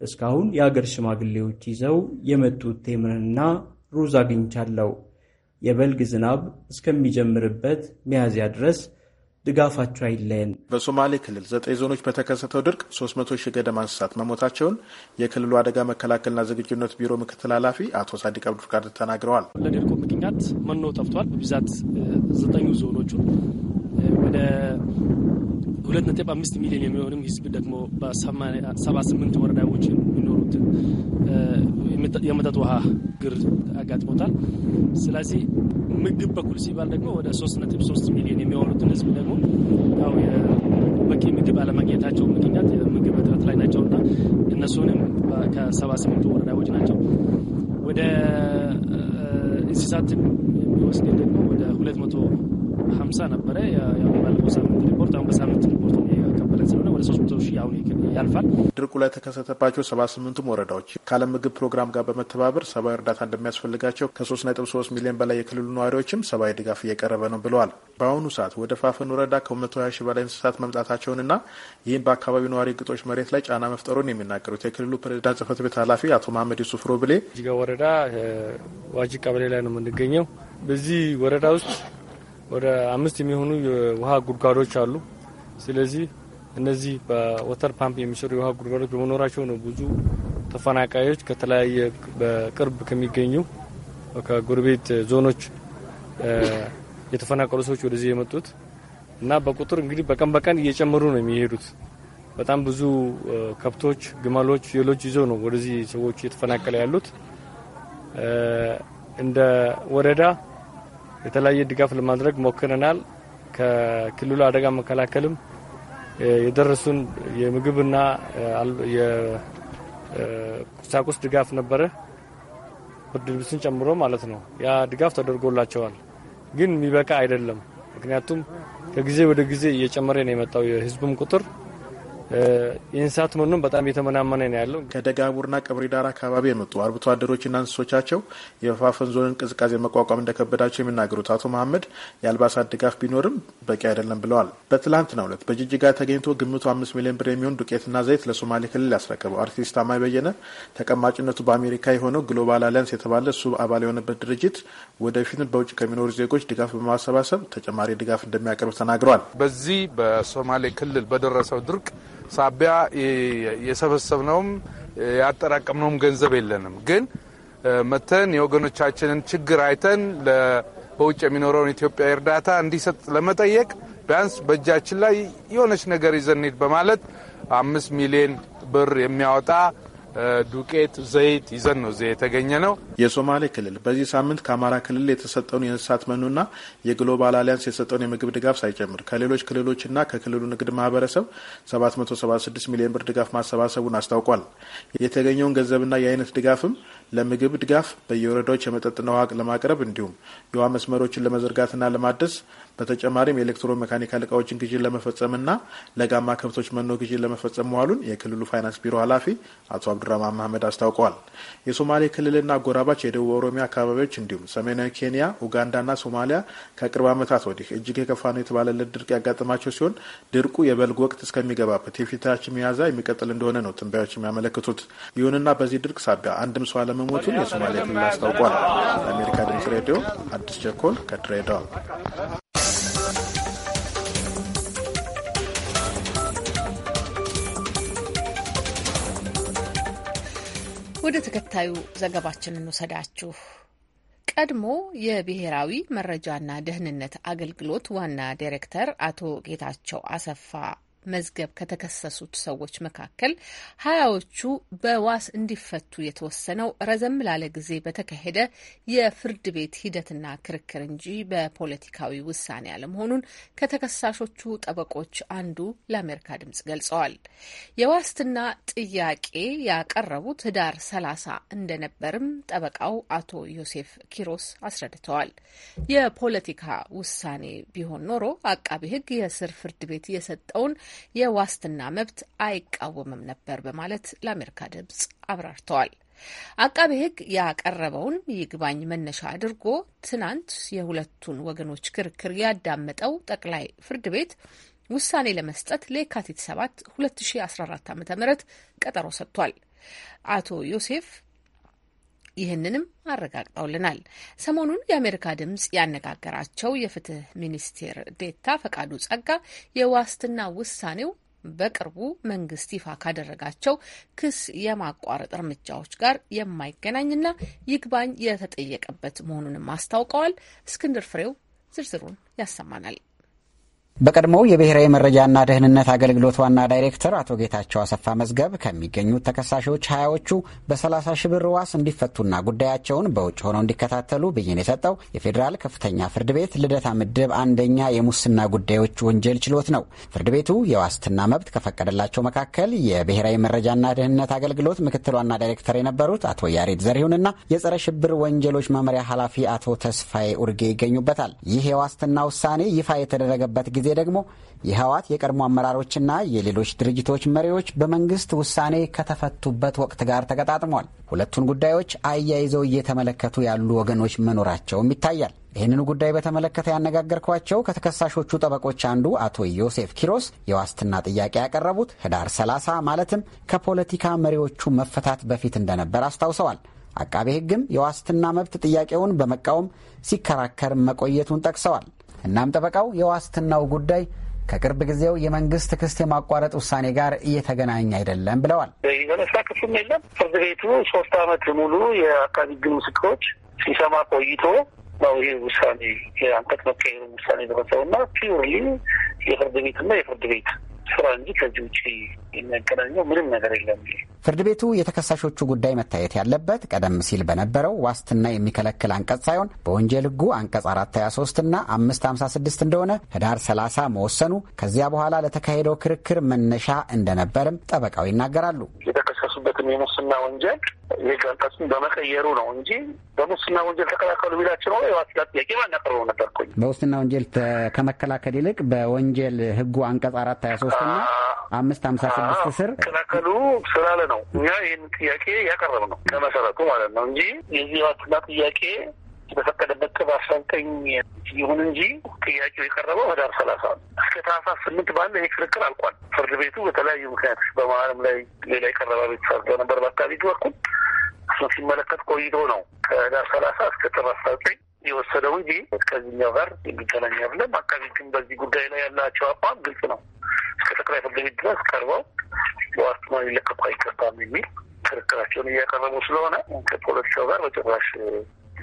እስካሁን የአገር ሽማግሌዎች ይዘው የመጡት ቴምርና ሩዝ አግኝቻለሁ። የበልግ ዝናብ እስከሚጀምርበት ሚያዝያ ድረስ ድጋፋቸው አይለየን። በሶማሌ ክልል ዘጠኝ ዞኖች በተከሰተው ድርቅ 300 ሺህ ገደማ እንስሳት መሞታቸውን የክልሉ አደጋ መከላከልና ዝግጁነት ቢሮ ምክትል ኃላፊ አቶ ሳዲቅ አብዱልቃድር ተናግረዋል። ለድርቁ ምክንያት መኖ ጠፍቷል። በብዛት ዘጠኙ ዞኖቹ ወደ 2.5 ሚሊዮን የሚሆንም ህዝብ ደግሞ በ78 ወረዳዎች የሚኖሩት የመጠጥ ውሃ ግር አጋጥሞታል። ስለዚህ ምግብ በኩል ሲባል ደግሞ ወደ 3.3 ሚሊዮን የሚሆኑትን ህዝብ ደግሞ ያው በቂ ምግብ አለማግኘታቸው ምክንያት ምግብ እጥረት ላይ ናቸው እና እነሱንም ከ78 ወረዳዎች ናቸው ወደ እንስሳት የሚወስድ ደግሞ ወደ 200 ሀምሳ ነበረ ባለፈው ሳምንት ሪፖርት። አሁን በሳምንት ሪፖርት ያቀበለን ስለሆነ ወደ ሶስት መቶ ሺህ አሁን ያልፋል። ድርቁ ላይ ተከሰተባቸው ሰባ ስምንቱም ወረዳዎች ከዓለም ምግብ ፕሮግራም ጋር በመተባበር ሰብአዊ እርዳታ እንደሚያስፈልጋቸው ከሶስት ነጥብ ሶስት ሚሊዮን በላይ የክልሉ ነዋሪዎችም ሰብአዊ ድጋፍ እየቀረበ ነው ብለዋል። በአሁኑ ሰዓት ወደ ፋፈን ወረዳ ከመቶ ሀያ ሺህ በላይ እንስሳት መምጣታቸውንና ይህም በአካባቢው ነዋሪ ግጦች መሬት ላይ ጫና መፍጠሩን የሚናገሩት የክልሉ ፕሬዚዳንት ጽህፈት ቤት ኃላፊ አቶ መሀመድ ዩሱፍ ሮብሌ ጅጋ ወረዳ ዋጅ ቀበሌ ላይ ነው የምንገኘው። በዚህ ወረዳ ውስጥ ወደ አምስት የሚሆኑ የውሃ ጉድጓዶች አሉ። ስለዚህ እነዚህ በወተር ፓምፕ የሚሰሩ የውሃ ጉድጓዶች በመኖራቸው ነው ብዙ ተፈናቃዮች ከተለያየ በቅርብ ከሚገኙ ከጎረቤት ዞኖች የተፈናቀሉ ሰዎች ወደዚህ የመጡት እና በቁጥር እንግዲህ በቀን በቀን እየጨመሩ ነው የሚሄዱት። በጣም ብዙ ከብቶች፣ ግመሎች፣ ፍየሎች ይዘው ነው ወደዚህ ሰዎች እየተፈናቀለ ያሉት እንደ ወረዳ የተለያየ ድጋፍ ለማድረግ ሞክረናል። ከክልሉ አደጋ መከላከልም የደረሱን የምግብና የቁሳቁስ ድጋፍ ነበረ፣ ብርድ ልብስን ጨምሮ ማለት ነው። ያ ድጋፍ ተደርጎላቸዋል፣ ግን የሚበቃ አይደለም። ምክንያቱም ከጊዜ ወደ ጊዜ እየጨመረ ነው የመጣው የህዝቡም ቁጥር የእንስሳት መኖም በጣም የተመናመነ ነው ያለው። ከደጋቡርና ቀብሪ ዳር አካባቢ የመጡ አርብቶ አደሮችና እንስሶቻቸው የፋፈን ዞንን ቅዝቃዜ መቋቋም እንደከበዳቸው የሚናገሩት አቶ መሀመድ የአልባሳት ድጋፍ ቢኖርም በቂ አይደለም ብለዋል። በትላንትና ዕለት በጅጅጋ ተገኝቶ ግምቱ አምስት ሚሊዮን ብር የሚሆን ዱቄትና ዘይት ለሶማሌ ክልል ያስረከበው አርቲስት አማይ በየነ ተቀማጭነቱ በአሜሪካ የሆነው ግሎባል አሊያንስ የተባለ እሱ አባል የሆነበት ድርጅት ወደፊት በውጭ ከሚኖሩ ዜጎች ድጋፍ በማሰባሰብ ተጨማሪ ድጋፍ እንደሚያቀርብ ተናግረዋል። በዚህ በሶማሌ ክልል በደረሰው ድርቅ ሳቢያ የሰበሰብነውም ያጠራቀምነውም ገንዘብ የለንም። ግን መተን የወገኖቻችንን ችግር አይተን በውጭ የሚኖረውን ኢትዮጵያ እርዳታ እንዲሰጥ ለመጠየቅ ቢያንስ በእጃችን ላይ የሆነች ነገር ይዘን በማለት አምስት ሚሊዮን ብር የሚያወጣ ዱቄት፣ ዘይት ይዘን ነው እዚያ የተገኘ ነው። የሶማሌ ክልል በዚህ ሳምንት ከአማራ ክልል የተሰጠውን የእንስሳት መኖና የግሎባል አሊያንስ የሰጠውን የምግብ ድጋፍ ሳይጨምር ከሌሎች ክልሎችና ከክልሉ ንግድ ማህበረሰብ 776 ሚሊዮን ብር ድጋፍ ማሰባሰቡን አስታውቋል። የተገኘውን ገንዘብና የአይነት ድጋፍም ለምግብ ድጋፍ በየወረዳዎች የመጠጥና ውሃ ለማቅረብ እንዲሁም የውሃ መስመሮችን ለመዘርጋትና ለማደስ በተጨማሪም የኤሌክትሮ መካኒካል እቃዎችን ግዢን ለመፈጸምና ለጋማ ከብቶች መኖ ግዥን ለመፈጸም መዋሉን የክልሉ ፋይናንስ ቢሮ ኃላፊ አቶ አብዱራማን መሀመድ አስታውቀዋል። የሶማሌ ክልልና አጎራባች የደቡብ ኦሮሚያ አካባቢዎች እንዲሁም ሰሜናዊ ኬንያ፣ ኡጋንዳና ሶማሊያ ከቅርብ ዓመታት ወዲህ እጅግ የከፋ ነው የተባለለት ድርቅ ያጋጠማቸው ሲሆን ድርቁ የበልግ ወቅት እስከሚገባበት የፊታችን ሚያዝያ የሚቀጥል እንደሆነ ነው ትንበያዎች የሚያመለክቱት። ይሁንና በዚህ ድርቅ ሳቢያ አንድም ሰው አለመሞቱን የሶማሌ ክልል አስታውቋል። ለአሜሪካ ድምጽ ሬዲዮ አዲስ ቸኮል ከድሬዳዋ ወደ ተከታዩ ዘገባችን እንውሰዳችሁ። ቀድሞ የብሔራዊ መረጃና ደህንነት አገልግሎት ዋና ዳይሬክተር አቶ ጌታቸው አሰፋ መዝገብ ከተከሰሱት ሰዎች መካከል ሀያዎቹ በዋስ እንዲፈቱ የተወሰነው ረዘም ላለ ጊዜ በተካሄደ የፍርድ ቤት ሂደትና ክርክር እንጂ በፖለቲካዊ ውሳኔ አለመሆኑን ከተከሳሾቹ ጠበቆች አንዱ ለአሜሪካ ድምጽ ገልጸዋል። የዋስትና ጥያቄ ያቀረቡት ህዳር ሰላሳ እንደነበርም ጠበቃው አቶ ዮሴፍ ኪሮስ አስረድተዋል። የፖለቲካ ውሳኔ ቢሆን ኖሮ አቃቢ ህግ የስር ፍርድ ቤት የሰጠውን የዋስትና መብት አይቃወምም ነበር በማለት ለአሜሪካ ድምጽ አብራርተዋል። አቃቤ ሕግ ያቀረበውን ይግባኝ መነሻ አድርጎ ትናንት የሁለቱን ወገኖች ክርክር ያዳመጠው ጠቅላይ ፍርድ ቤት ውሳኔ ለመስጠት ለየካቲት 7 2014 ዓ ም ቀጠሮ ሰጥቷል። አቶ ዮሴፍ ይህንንም አረጋግጠውልናል። ሰሞኑን የአሜሪካ ድምጽ ያነጋገራቸው የፍትህ ሚኒስቴር ዴታ ፈቃዱ ጸጋ የዋስትና ውሳኔው በቅርቡ መንግስት ይፋ ካደረጋቸው ክስ የማቋረጥ እርምጃዎች ጋር የማይገናኝና ይግባኝ የተጠየቀበት መሆኑንም አስታውቀዋል። እስክንድር ፍሬው ዝርዝሩን ያሰማናል። በቀድሞው የብሔራዊ መረጃና ደህንነት አገልግሎት ዋና ዳይሬክተር አቶ ጌታቸው አሰፋ መዝገብ ከሚገኙት ተከሳሾች ሀያዎቹ በ30 ሺህ ብር ዋስ እንዲፈቱና ጉዳያቸውን በውጭ ሆነው እንዲከታተሉ ብይን የሰጠው የፌዴራል ከፍተኛ ፍርድ ቤት ልደታ ምድብ አንደኛ የሙስና ጉዳዮች ወንጀል ችሎት ነው። ፍርድ ቤቱ የዋስትና መብት ከፈቀደላቸው መካከል የብሔራዊ መረጃና ደህንነት አገልግሎት ምክትል ዋና ዳይሬክተር የነበሩት አቶ ያሬድ ዘርሁንና የጸረ ሽብር ወንጀሎች መመሪያ ኃላፊ አቶ ተስፋዬ ኡርጌ ይገኙበታል። ይህ የዋስትና ውሳኔ ይፋ የተደረገበት ጊዜ ጊዜ ደግሞ የህዋት የቀድሞ አመራሮችና የሌሎች ድርጅቶች መሪዎች በመንግስት ውሳኔ ከተፈቱበት ወቅት ጋር ተቀጣጥሟል። ሁለቱን ጉዳዮች አያይዘው እየተመለከቱ ያሉ ወገኖች መኖራቸውም ይታያል። ይህንን ጉዳይ በተመለከተ ያነጋገርኳቸው ከተከሳሾቹ ጠበቆች አንዱ አቶ ዮሴፍ ኪሮስ የዋስትና ጥያቄ ያቀረቡት ህዳር 30 ማለትም ከፖለቲካ መሪዎቹ መፈታት በፊት እንደነበር አስታውሰዋል። አቃቤ ህግም የዋስትና መብት ጥያቄውን በመቃወም ሲከራከር መቆየቱን ጠቅሰዋል። እናም ጠበቃው የዋስትናው ጉዳይ ከቅርብ ጊዜው የመንግስት ክስት የማቋረጥ ውሳኔ ጋር እየተገናኘ አይደለም ብለዋል። የመሥራት ክሱም የለም። ፍርድ ቤቱ ሶስት አመት ሙሉ የአቃቤ ሕግ ምስክሮች ሲሰማ ቆይቶ ነው ይህ ውሳኔ የአንቀጽ መቀየሩ ውሳኔ ደረሰው እና ፒውርሊ የፍርድ ቤትና የፍርድ ቤት ስራ እንጂ ከዚህ ውጭ የሚያገናኘው ምንም ነገር የለም። ፍርድ ቤቱ የተከሳሾቹ ጉዳይ መታየት ያለበት ቀደም ሲል በነበረው ዋስትና የሚከለክል አንቀጽ ሳይሆን በወንጀል ህጉ አንቀጽ አራት ሀያ ሶስት ና አምስት ሀምሳ ስድስት እንደሆነ ህዳር ሰላሳ መወሰኑ ከዚያ በኋላ ለተካሄደው ክርክር መነሻ እንደነበርም ጠበቃው ይናገራሉ። የተከሰሱበትም የሙስና ወንጀል ይህ አንቀጹን በመቀየሩ ነው እንጂ በሙስና ወንጀል ተከላከሉ የሚላቸው ነው የዋስትና ጥያቄ ማናቀርበው ነበር ኮኝ በሙስና ወንጀል ከመከላከል ይልቅ በወንጀል ህጉ አንቀጽ አራት ሀያ ሶስት ና አምስት ሀምሳ ስድስት ስር ክለከሉ ስላለ ነው እኛ ይህን ጥያቄ ያቀረብ ነው ከመሰረቱ ማለት ነው እንጂ የዚህ ዋስትና ጥያቄ የተፈቀደበት ጥር አስራ ዘጠኝ ይሁን እንጂ ጥያቄው የቀረበው ህዳር ሰላሳ ነው። እስከ ታህሳስ ስምንት ባለ ይህ ክርክር አልቋል። ፍርድ ቤቱ በተለያዩ ምክንያቶች በመሀልም ላይ ሌላ የቀረበ ቤተሰብ ስለነበር በአካባቢ በኩል እሱን ሲመለከት ቆይቶ ነው ከህዳር ሰላሳ እስከ ጥር አስራ ዘጠኝ የወሰደው እንጂ ከዚህኛው ጋር የሚገናኝ አይደለም። አካባቢ ግን በዚህ ጉዳይ ላይ ያላቸው አቋም ግልጽ ነው። እስከ ጠቅላይ ፍርድ ቤት ድረስ ቀርበው በዋስትና ሊለቀቁ አይገባም የሚል ክርክራቸውን እያቀረቡ ስለሆነ ከፖለቲካው ጋር በጭራሽ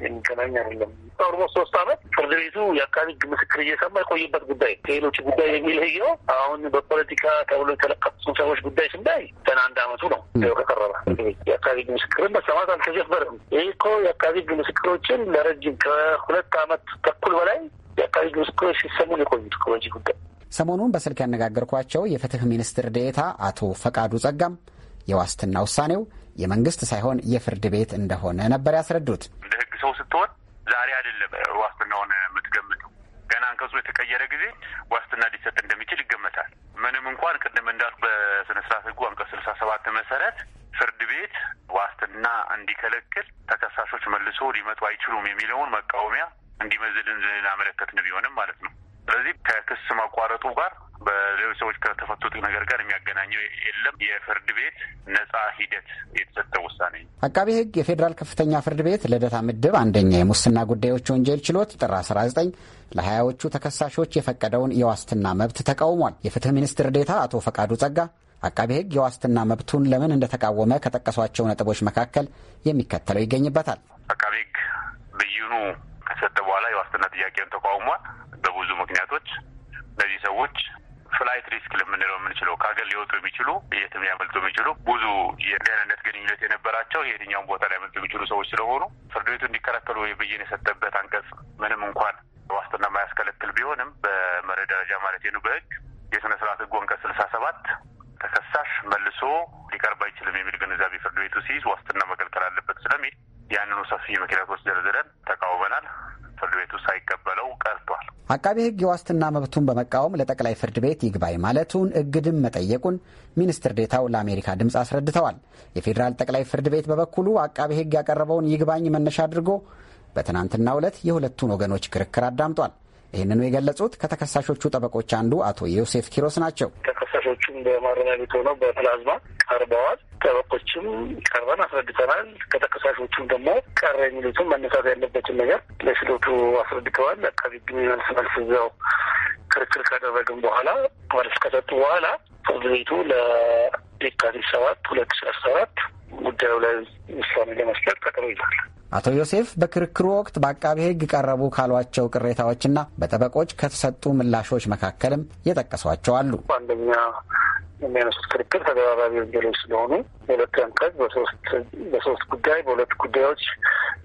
የሚገናኝ አይደለም። ኦልሞስት ሶስት አመት ፍርድ ቤቱ የአካባቢ ህግ ምስክር እየሰማ የቆየበት ጉዳይ ከሌሎች ጉዳይ የሚለየው አሁን በፖለቲካ ተብሎ የተለቀሱ ሰዎች ጉዳይ ስንዳይ ገና አንድ አመቱ ነው ከቀረበ የአካባቢ ህግ ምስክርን መሰማት አልተጀመረም። ይህ እኮ የአካባቢ ህግ ምስክሮችን ለረጅም ከሁለት አመት ተኩል በላይ የአካባቢ ህግ ምስክሮች ሲሰሙን የቆዩት በዚህ ጉዳይ ሰሞኑን በስልክ ያነጋገርኳቸው የፍትህ ሚኒስትር ዴኤታ አቶ ፈቃዱ ጸጋም የዋስትና ውሳኔው የመንግስት ሳይሆን የፍርድ ቤት እንደሆነ ነበር ያስረዱት። ሰው ስትሆን ዛሬ አይደለም ዋስትናውን የምትገምተው። ገና አንቀጹ የተቀየረ ጊዜ ዋስትና ሊሰጥ እንደሚችል ይገመታል። ምንም እንኳን ቅድም እንዳልኩ በስነስርዓት ህጉ አንቀጽ ስልሳ ሰባት መሰረት ፍርድ ቤት ዋስትና እንዲከለክል ተከሳሾች መልሶ ሊመጡ አይችሉም የሚለውን መቃወሚያ እንዲመዝልን ላመለከትን ቢሆንም ማለት ነው ስለዚህ ከክስ ማቋረጡ ጋር በሌሎች ሰዎች ከተፈቱት ነገር ጋር የሚያገናኘው የለም። የፍርድ ቤት ነጻ ሂደት የተሰጠ ውሳኔ። አቃቤ ሕግ የፌዴራል ከፍተኛ ፍርድ ቤት ልደታ ምድብ አንደኛ የሙስና ጉዳዮች ወንጀል ችሎት ጥር 19 ለሀያዎቹ ተከሳሾች የፈቀደውን የዋስትና መብት ተቃውሟል። የፍትህ ሚኒስትር ዴታ አቶ ፈቃዱ ጸጋ አቃቤ ሕግ የዋስትና መብቱን ለምን እንደተቃወመ ከጠቀሷቸው ነጥቦች መካከል የሚከተለው ይገኝበታል። አቃቤ ሕግ ብይኑ ከሰጠ በኋላ የዋስትና ጥያቄውን ተቃውሟል። በብዙ ምክንያቶች እነዚህ ሰዎች ፍላይት ሪስክ ለምንለው የምንችለው ከሀገር ሊወጡ የሚችሉ የትም ያመልጡ የሚችሉ ብዙ የደህንነት ግንኙነት የነበራቸው የትኛውን ቦታ ሊያመልጡ የሚችሉ ሰዎች ስለሆኑ ፍርድ ቤቱ እንዲከለከሉ ብይን የሰጠበት አንቀጽ ምንም እንኳን ዋስትና የማያስከለክል ቢሆንም በመርህ ደረጃ ማለት ነው በህግ የስነ ስርዓት ህግ አንቀጽ ስልሳ ሰባት ተከሳሽ መልሶ ሊቀርብ አይችልም የሚል ግንዛቤ ፍርድ ቤቱ ሲይዝ ዋስትና መከልከል አለበት ስለሚል ያንኑ ሰፊ ምክንያቶች ደርድረን ተቃውመናል። ፍርድ ቤቱ ሳይቀበለው ቀርቷል። አቃቢ ሕግ የዋስትና መብቱን በመቃወም ለጠቅላይ ፍርድ ቤት ይግባኝ ማለቱን እግድም መጠየቁን ሚኒስትር ዴታው ለአሜሪካ ድምፅ አስረድተዋል። የፌዴራል ጠቅላይ ፍርድ ቤት በበኩሉ አቃቤ ሕግ ያቀረበውን ይግባኝ መነሻ አድርጎ በትናንትናው ዕለት የሁለቱን ወገኖች ክርክር አዳምጧል። ይህንኑ የገለጹት ከተከሳሾቹ ጠበቆች አንዱ አቶ ዮሴፍ ኪሮስ ናቸው። ተከሳሾቹም በማረሚያ ቤት ሆነው በፕላዝማ ቀርበዋል። ጠበቆችም ቀርበን አስረድተናል። ከተከሳሾቹም ደግሞ ቀረ የሚሉትም መነሳት ያለበትን ነገር ለችሎቱ አስረድተዋል። አቃቢ ግን መልስ መልስ እዚያው ክርክር ካደረግን በኋላ መልስ ከሰጡ በኋላ ፍርድ ቤቱ ለ የካቲት ሰባት ሁለት ሺ ሰባት ጉዳዩ ላይ ውሳኔ ለመስጠት ቀጠሮ ይዟል። አቶ ዮሴፍ በክርክሩ ወቅት በአቃቤ ሕግ ቀረቡ ካሏቸው ቅሬታዎችና በጠበቆች ከተሰጡ ምላሾች መካከልም የጠቀሷቸው አሉ። አንደኛ የሚያነሱት ክርክር ተደራራቢ ወንጀሎች ስለሆኑ በሁለት አንቀጽ በሶስት ጉዳይ በሁለት ጉዳዮች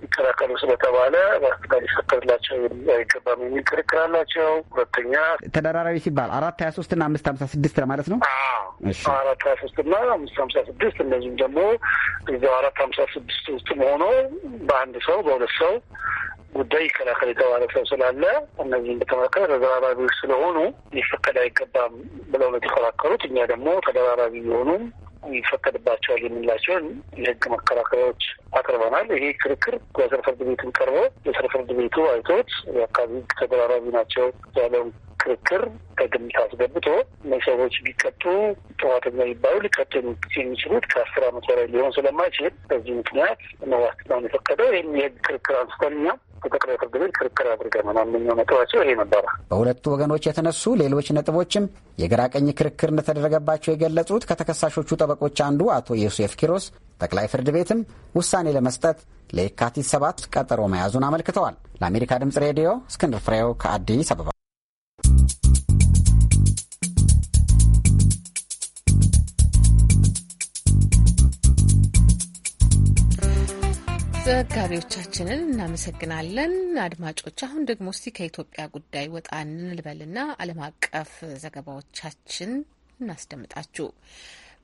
ይከራከሉ ስለተባለ በአስጋ ሊፈቀድላቸው አይገባም የሚል ክርክር አላቸው። ሁለተኛ ተደራራቢ ሲባል አራት ሀያ ሶስት እና አምስት ሀምሳ ስድስት ለማለት ነው። አራት ሀያ ሶስት እና አምስት ሀምሳ ስድስት እነዚህም ደግሞ እዚያው አራት ሀምሳ ስድስት ውስጥም ሆኖ በአንድ ሰው በሁለት ሰው ጉዳይ ይከላከል የተባለ ሰው ስላለ እነዚህ እንደተመለከተ ተደራራቢዎች ስለሆኑ ሊፈቀድ አይገባም ብለው ነው የተከራከሩት። እኛ ደግሞ ተደራራቢ የሆኑ ይፈቀድባቸዋል የምንላቸውን የህግ መከራከሪያዎች አቅርበናል። ይሄ ክርክር በስር ፍርድ ቤትን ቀርበው የስር ፍርድ ቤቱ አይቶት የአካባቢ ተደራራቢ ናቸው ያለውን ክርክር ከግምት አስገብቶ ሰዎች ቢቀጡ ጥፋተኛ የሚባሉ ሊቀጡ የሚችሉት ከአስር አመት በላይ ሊሆን ስለማይችል በዚህ ምክንያት ዋስትናውን የፈቀደው ይህም የህግ ክርክር አንስተን እኛ ከጠቅላይ ፍርድ ቤት ክርክር አድርገናል። አንደኛው ነጥባቸው ይሄ ነበረ። በሁለቱ ወገኖች የተነሱ ሌሎች ነጥቦችም የግራ ቀኝ ክርክር እንደተደረገባቸው የገለጹት ከተከሳሾቹ ጠበቆች አንዱ አቶ ዮሴፍ ኪሮስ ጠቅላይ ፍርድ ቤትም ውሳኔ ለመስጠት ለየካቲት ሰባት ቀጠሮ መያዙን አመልክተዋል። ለአሜሪካ ድምጽ ሬዲዮ እስክንድር ፍሬው ከአዲስ አበባ ዘጋቢዎቻችንን እናመሰግናለን። አድማጮች፣ አሁን ደግሞ እስቲ ከኢትዮጵያ ጉዳይ ወጣ እንልበልና ዓለም አቀፍ ዘገባዎቻችን እናስደምጣችሁ።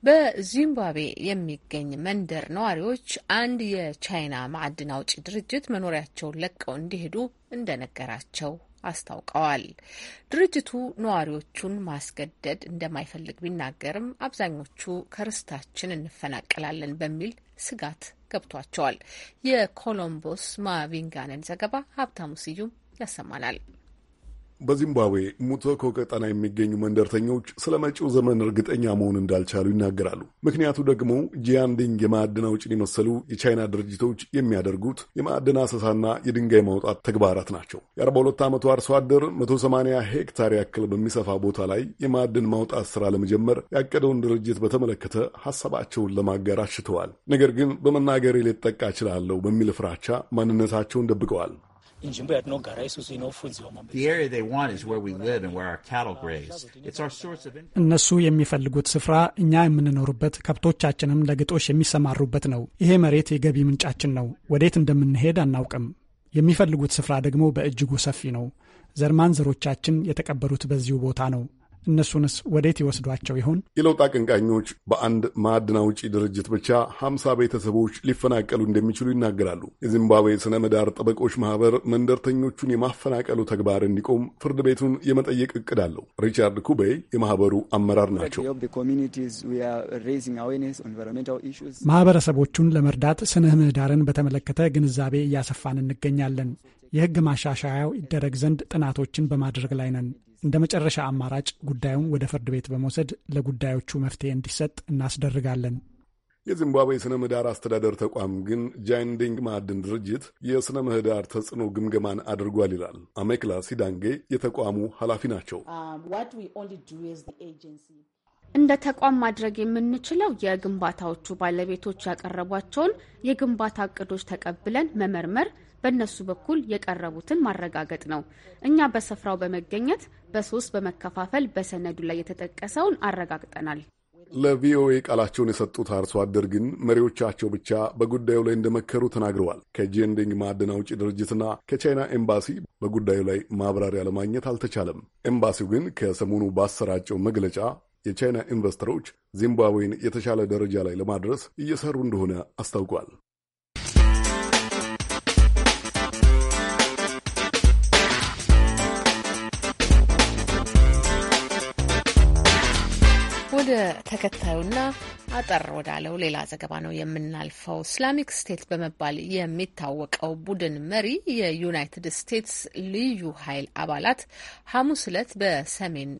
በዚምባብዌ የሚገኝ መንደር ነዋሪዎች አንድ የቻይና ማዕድን አውጪ ድርጅት መኖሪያቸውን ለቀው እንዲሄዱ እንደነገራቸው አስታውቀዋል። ድርጅቱ ነዋሪዎቹን ማስገደድ እንደማይፈልግ ቢናገርም አብዛኞቹ ከርስታችን እንፈናቀላለን በሚል ስጋት ገብቷቸዋል። የኮሎምቦስ ማቪንጋንን ዘገባ ሀብታሙ ስዩም ያሰማናል። በዚምባብዌ ሙቶኮ ቀጠና የሚገኙ መንደርተኞች ስለ መጪው ዘመን እርግጠኛ መሆን እንዳልቻሉ ይናገራሉ። ምክንያቱ ደግሞ ጂያንዲንግ የማዕድን አውጭን የመሰሉ የቻይና ድርጅቶች የሚያደርጉት የማዕድን አሰሳና የድንጋይ ማውጣት ተግባራት ናቸው። የ42 ዓመቱ አርሶ አደር 180 ሄክታር ያክል በሚሰፋ ቦታ ላይ የማዕድን ማውጣት ስራ ለመጀመር ያቀደውን ድርጅት በተመለከተ ሀሳባቸውን ለማጋር አሽተዋል። ነገር ግን በመናገሬ ልጠቃ እችላለሁ በሚል ፍራቻ ማንነታቸውን ደብቀዋል። እነሱ የሚፈልጉት ስፍራ እኛ የምንኖርበት ከብቶቻችንም ለግጦሽ የሚሰማሩበት ነው። ይሄ መሬት የገቢ ምንጫችን ነው። ወዴት እንደምንሄድ አናውቅም። የሚፈልጉት ስፍራ ደግሞ በእጅጉ ሰፊ ነው። ዘርማንዘሮቻችን የተቀበሩት በዚሁ ቦታ ነው። እነሱንስ ወዴት ይወስዷቸው ይሆን? የለውጥ አቀንቃኞች በአንድ ማዕድን አውጪ ድርጅት ብቻ ሀምሳ ቤተሰቦች ሊፈናቀሉ እንደሚችሉ ይናገራሉ። የዚምባብዌ ስነ ምህዳር ጠበቆች ማህበር መንደርተኞቹን የማፈናቀሉ ተግባር እንዲቆም ፍርድ ቤቱን የመጠየቅ እቅድ አለው። ሪቻርድ ኩቤ የማህበሩ አመራር ናቸው። ማህበረሰቦቹን ለመርዳት ስነ ምህዳርን በተመለከተ ግንዛቤ እያሰፋን እንገኛለን። የህግ ማሻሻያው ይደረግ ዘንድ ጥናቶችን በማድረግ ላይ ነን። እንደ መጨረሻ አማራጭ ጉዳዩን ወደ ፍርድ ቤት በመውሰድ ለጉዳዮቹ መፍትሄ እንዲሰጥ እናስደርጋለን። የዚምባብዌ ስነ ምህዳር አስተዳደር ተቋም ግን ጃይንዲንግ ማዕድን ድርጅት የስነ ምህዳር ተጽዕኖ ግምገማን አድርጓል ይላል። አሜክላ ሲዳንጌ የተቋሙ ኃላፊ ናቸው። እንደ ተቋም ማድረግ የምንችለው የግንባታዎቹ ባለቤቶች ያቀረቧቸውን የግንባታ እቅዶች ተቀብለን መመርመር፣ በእነሱ በኩል የቀረቡትን ማረጋገጥ ነው። እኛ በስፍራው በመገኘት በሶስት በመከፋፈል በሰነዱ ላይ የተጠቀሰውን አረጋግጠናል። ለቪኦኤ ቃላቸውን የሰጡት አርሶ አደር ግን መሪዎቻቸው ብቻ በጉዳዩ ላይ እንደመከሩ ተናግረዋል። ከጄንዲንግ ማዕድን አውጪ ድርጅትና ከቻይና ኤምባሲ በጉዳዩ ላይ ማብራሪያ ለማግኘት አልተቻለም። ኤምባሲው ግን ከሰሞኑ ባሰራጨው መግለጫ የቻይና ኢንቨስተሮች ዚምባብዌን የተሻለ ደረጃ ላይ ለማድረስ እየሰሩ እንደሆነ አስታውቋል። ወደ ተከታዩና አጠር ወዳለው ሌላ ዘገባ ነው የምናልፈው። እስላሚክ ስቴት በመባል የሚታወቀው ቡድን መሪ የዩናይትድ ስቴትስ ልዩ ኃይል አባላት ሐሙስ ዕለት በሰሜን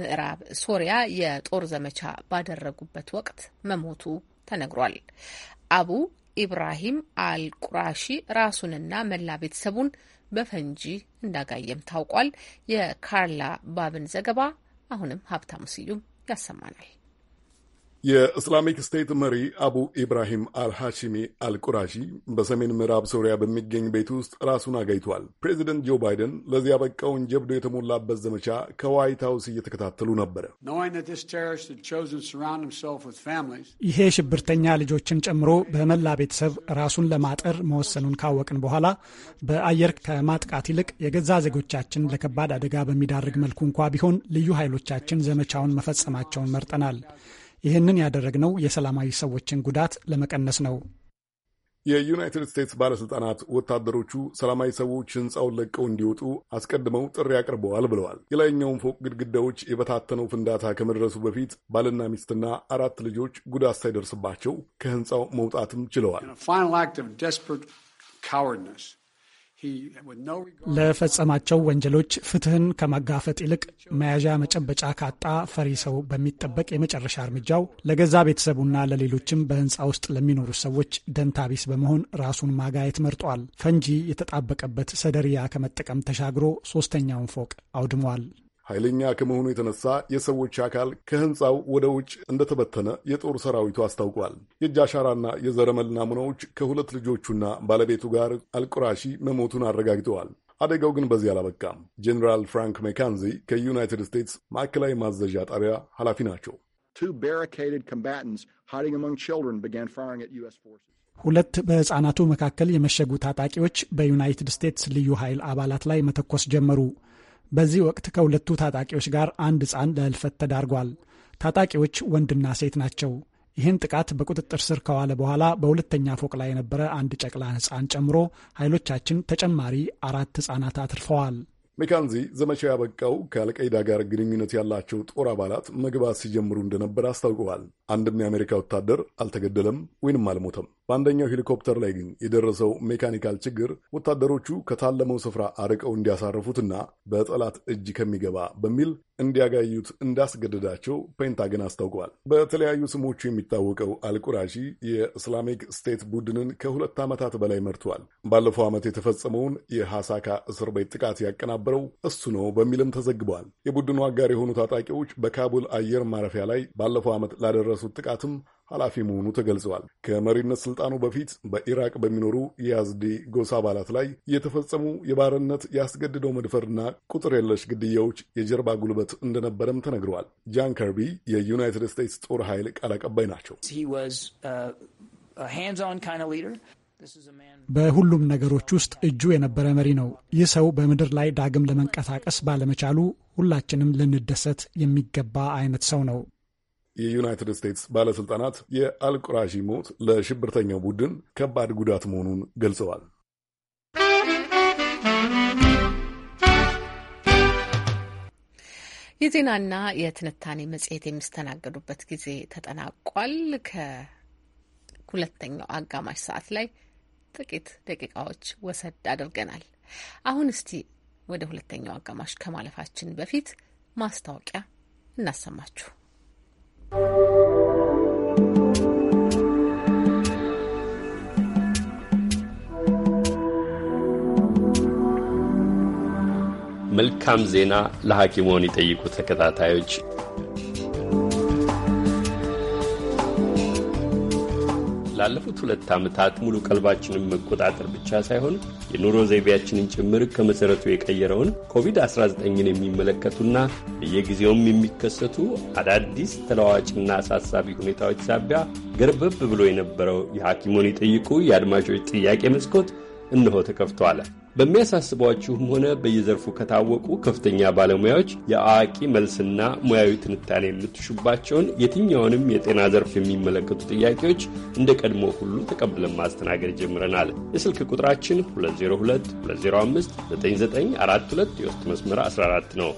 ምዕራብ ሶሪያ የጦር ዘመቻ ባደረጉበት ወቅት መሞቱ ተነግሯል። አቡ ኢብራሂም አልቁራሺ ራሱንና መላ ቤተሰቡን በፈንጂ እንዳጋየም ታውቋል። የካርላ ባብን ዘገባ አሁንም ሀብታሙ ስዩም ያሰማናል። የእስላሚክ ስቴት መሪ አቡ ኢብራሂም አልሃሺሚ አልቁራሺ በሰሜን ምዕራብ ሶሪያ በሚገኝ ቤት ውስጥ ራሱን አገይቷል። ፕሬዚደንት ጆ ባይደን ለዚህ ያበቃውን ጀብዶ የተሞላበት ዘመቻ ከዋይት ሀውስ እየተከታተሉ ነበረ። ይሄ ሽብርተኛ ልጆችን ጨምሮ በመላ ቤተሰብ ራሱን ለማጠር መወሰኑን ካወቅን በኋላ በአየር ከማጥቃት ይልቅ የገዛ ዜጎቻችን ለከባድ አደጋ በሚዳርግ መልኩ እንኳ ቢሆን ልዩ ኃይሎቻችን ዘመቻውን መፈጸማቸውን መርጠናል። ይህንን ያደረግነው የሰላማዊ ሰዎችን ጉዳት ለመቀነስ ነው። የዩናይትድ ስቴትስ ባለሥልጣናት ወታደሮቹ ሰላማዊ ሰዎች ሕንፃውን ለቀው እንዲወጡ አስቀድመው ጥሪ አቅርበዋል ብለዋል። የላይኛውን ፎቅ ግድግዳዎች የበታተነው ፍንዳታ ከመድረሱ በፊት ባልና ሚስትና አራት ልጆች ጉዳት ሳይደርስባቸው ከሕንፃው መውጣትም ችለዋል። ለፈጸማቸው ወንጀሎች ፍትህን ከማጋፈጥ ይልቅ መያዣ መጨበጫ ካጣ ፈሪ ሰው በሚጠበቅ የመጨረሻ እርምጃው ለገዛ ቤተሰቡና ለሌሎችም በህንፃ ውስጥ ለሚኖሩ ሰዎች ደንታቢስ በመሆን ራሱን ማጋየት መርጧል። ፈንጂ የተጣበቀበት ሰደርያ ከመጠቀም ተሻግሮ ሶስተኛውን ፎቅ አውድሟል። ኃይለኛ ከመሆኑ የተነሳ የሰዎች አካል ከህንፃው ወደ ውጭ እንደተበተነ የጦር ሰራዊቱ አስታውቋል። የእጅ አሻራና የዘረመል ናሙናዎች ከሁለት ልጆቹና ባለቤቱ ጋር አልቁራሺ መሞቱን አረጋግጠዋል። አደጋው ግን በዚህ አላበቃም። ጄኔራል ፍራንክ ሜካንዚ ከዩናይትድ ስቴትስ ማዕከላዊ ማዘዣ ጣቢያ ኃላፊ ናቸው። ሁለት በሕፃናቱ መካከል የመሸጉ ታጣቂዎች በዩናይትድ ስቴትስ ልዩ ኃይል አባላት ላይ መተኮስ ጀመሩ። በዚህ ወቅት ከሁለቱ ታጣቂዎች ጋር አንድ ሕፃን ለህልፈት ተዳርጓል። ታጣቂዎች ወንድና ሴት ናቸው። ይህን ጥቃት በቁጥጥር ስር ከዋለ በኋላ በሁለተኛ ፎቅ ላይ የነበረ አንድ ጨቅላ ሕፃን ጨምሮ ኃይሎቻችን ተጨማሪ አራት ሕፃናት አትርፈዋል። ሜካንዚ ዘመቻ ያበቃው ከአልቀይዳ ጋር ግንኙነት ያላቸው ጦር አባላት መግባት ሲጀምሩ እንደነበር አስታውቀዋል። አንድም የአሜሪካ ወታደር አልተገደለም ወይንም አልሞተም። በአንደኛው ሄሊኮፕተር ላይ ግን የደረሰው ሜካኒካል ችግር ወታደሮቹ ከታለመው ስፍራ አርቀው እንዲያሳርፉትና በጠላት እጅ ከሚገባ በሚል እንዲያጋዩት እንዳስገደዳቸው ፔንታገን አስታውቋል። በተለያዩ ስሞቹ የሚታወቀው አልቁራሺ የእስላሚክ ስቴት ቡድንን ከሁለት ዓመታት በላይ መርቷል። ባለፈው ዓመት የተፈጸመውን የሐሳካ እስር ቤት ጥቃት ያቀናበረው እሱ ነው በሚልም ተዘግቧል። የቡድኑ አጋር የሆኑ ታጣቂዎች በካቡል አየር ማረፊያ ላይ ባለፈው ዓመት ላደረሱት ጥቃትም ኃላፊ መሆኑ ተገልጸዋል። ከመሪነት ስልጣኑ በፊት በኢራቅ በሚኖሩ የያዝዲ ጎሳ አባላት ላይ የተፈጸሙ የባርነት፣ ያስገድደው መድፈርና ቁጥር የለሽ ግድያዎች የጀርባ ጉልበት እንደነበረም ተነግረዋል። ጃን ከርቢ የዩናይትድ ስቴትስ ጦር ኃይል ቃል አቀባይ ናቸው። uh, በሁሉም ነገሮች ውስጥ እጁ የነበረ መሪ ነው። ይህ ሰው በምድር ላይ ዳግም ለመንቀሳቀስ ባለመቻሉ ሁላችንም ልንደሰት የሚገባ አይነት ሰው ነው። የዩናይትድ ስቴትስ ባለስልጣናት የአልቁራሺ ሞት ለሽብርተኛው ቡድን ከባድ ጉዳት መሆኑን ገልጸዋል። የዜናና የትንታኔ መጽሔት የሚስተናገዱበት ጊዜ ተጠናቋል። ከሁለተኛው አጋማሽ ሰዓት ላይ ጥቂት ደቂቃዎች ወሰድ አድርገናል። አሁን እስቲ ወደ ሁለተኛው አጋማሽ ከማለፋችን በፊት ማስታወቂያ እናሰማችሁ። መልካም ዜና ለሐኪሞን ይጠይቁ ተከታታዮች ላለፉት ሁለት ዓመታት ሙሉ ቀልባችንን መቆጣጠር ብቻ ሳይሆን የኑሮ ዘይቤያችንን ጭምር ከመሠረቱ የቀየረውን ኮቪድ-19ን የሚመለከቱና በየጊዜውም የሚከሰቱ አዳዲስ ተለዋዋጭና አሳሳቢ ሁኔታዎች ሳቢያ ገርበብ ብሎ የነበረው የሐኪሞን ይጠይቁ የአድማጮች ጥያቄ መስኮት እነሆ ተከፍቷል። በሚያሳስቧችሁም ሆነ በየዘርፉ ከታወቁ ከፍተኛ ባለሙያዎች የአዋቂ መልስና ሙያዊ ትንታኔ የምትሹባቸውን የትኛውንም የጤና ዘርፍ የሚመለከቱ ጥያቄዎች እንደ ቀድሞ ሁሉ ተቀብለን ማስተናገድ ጀምረናል። የስልክ ቁጥራችን 2022059942 የውስጥ መስመር 14 ነው።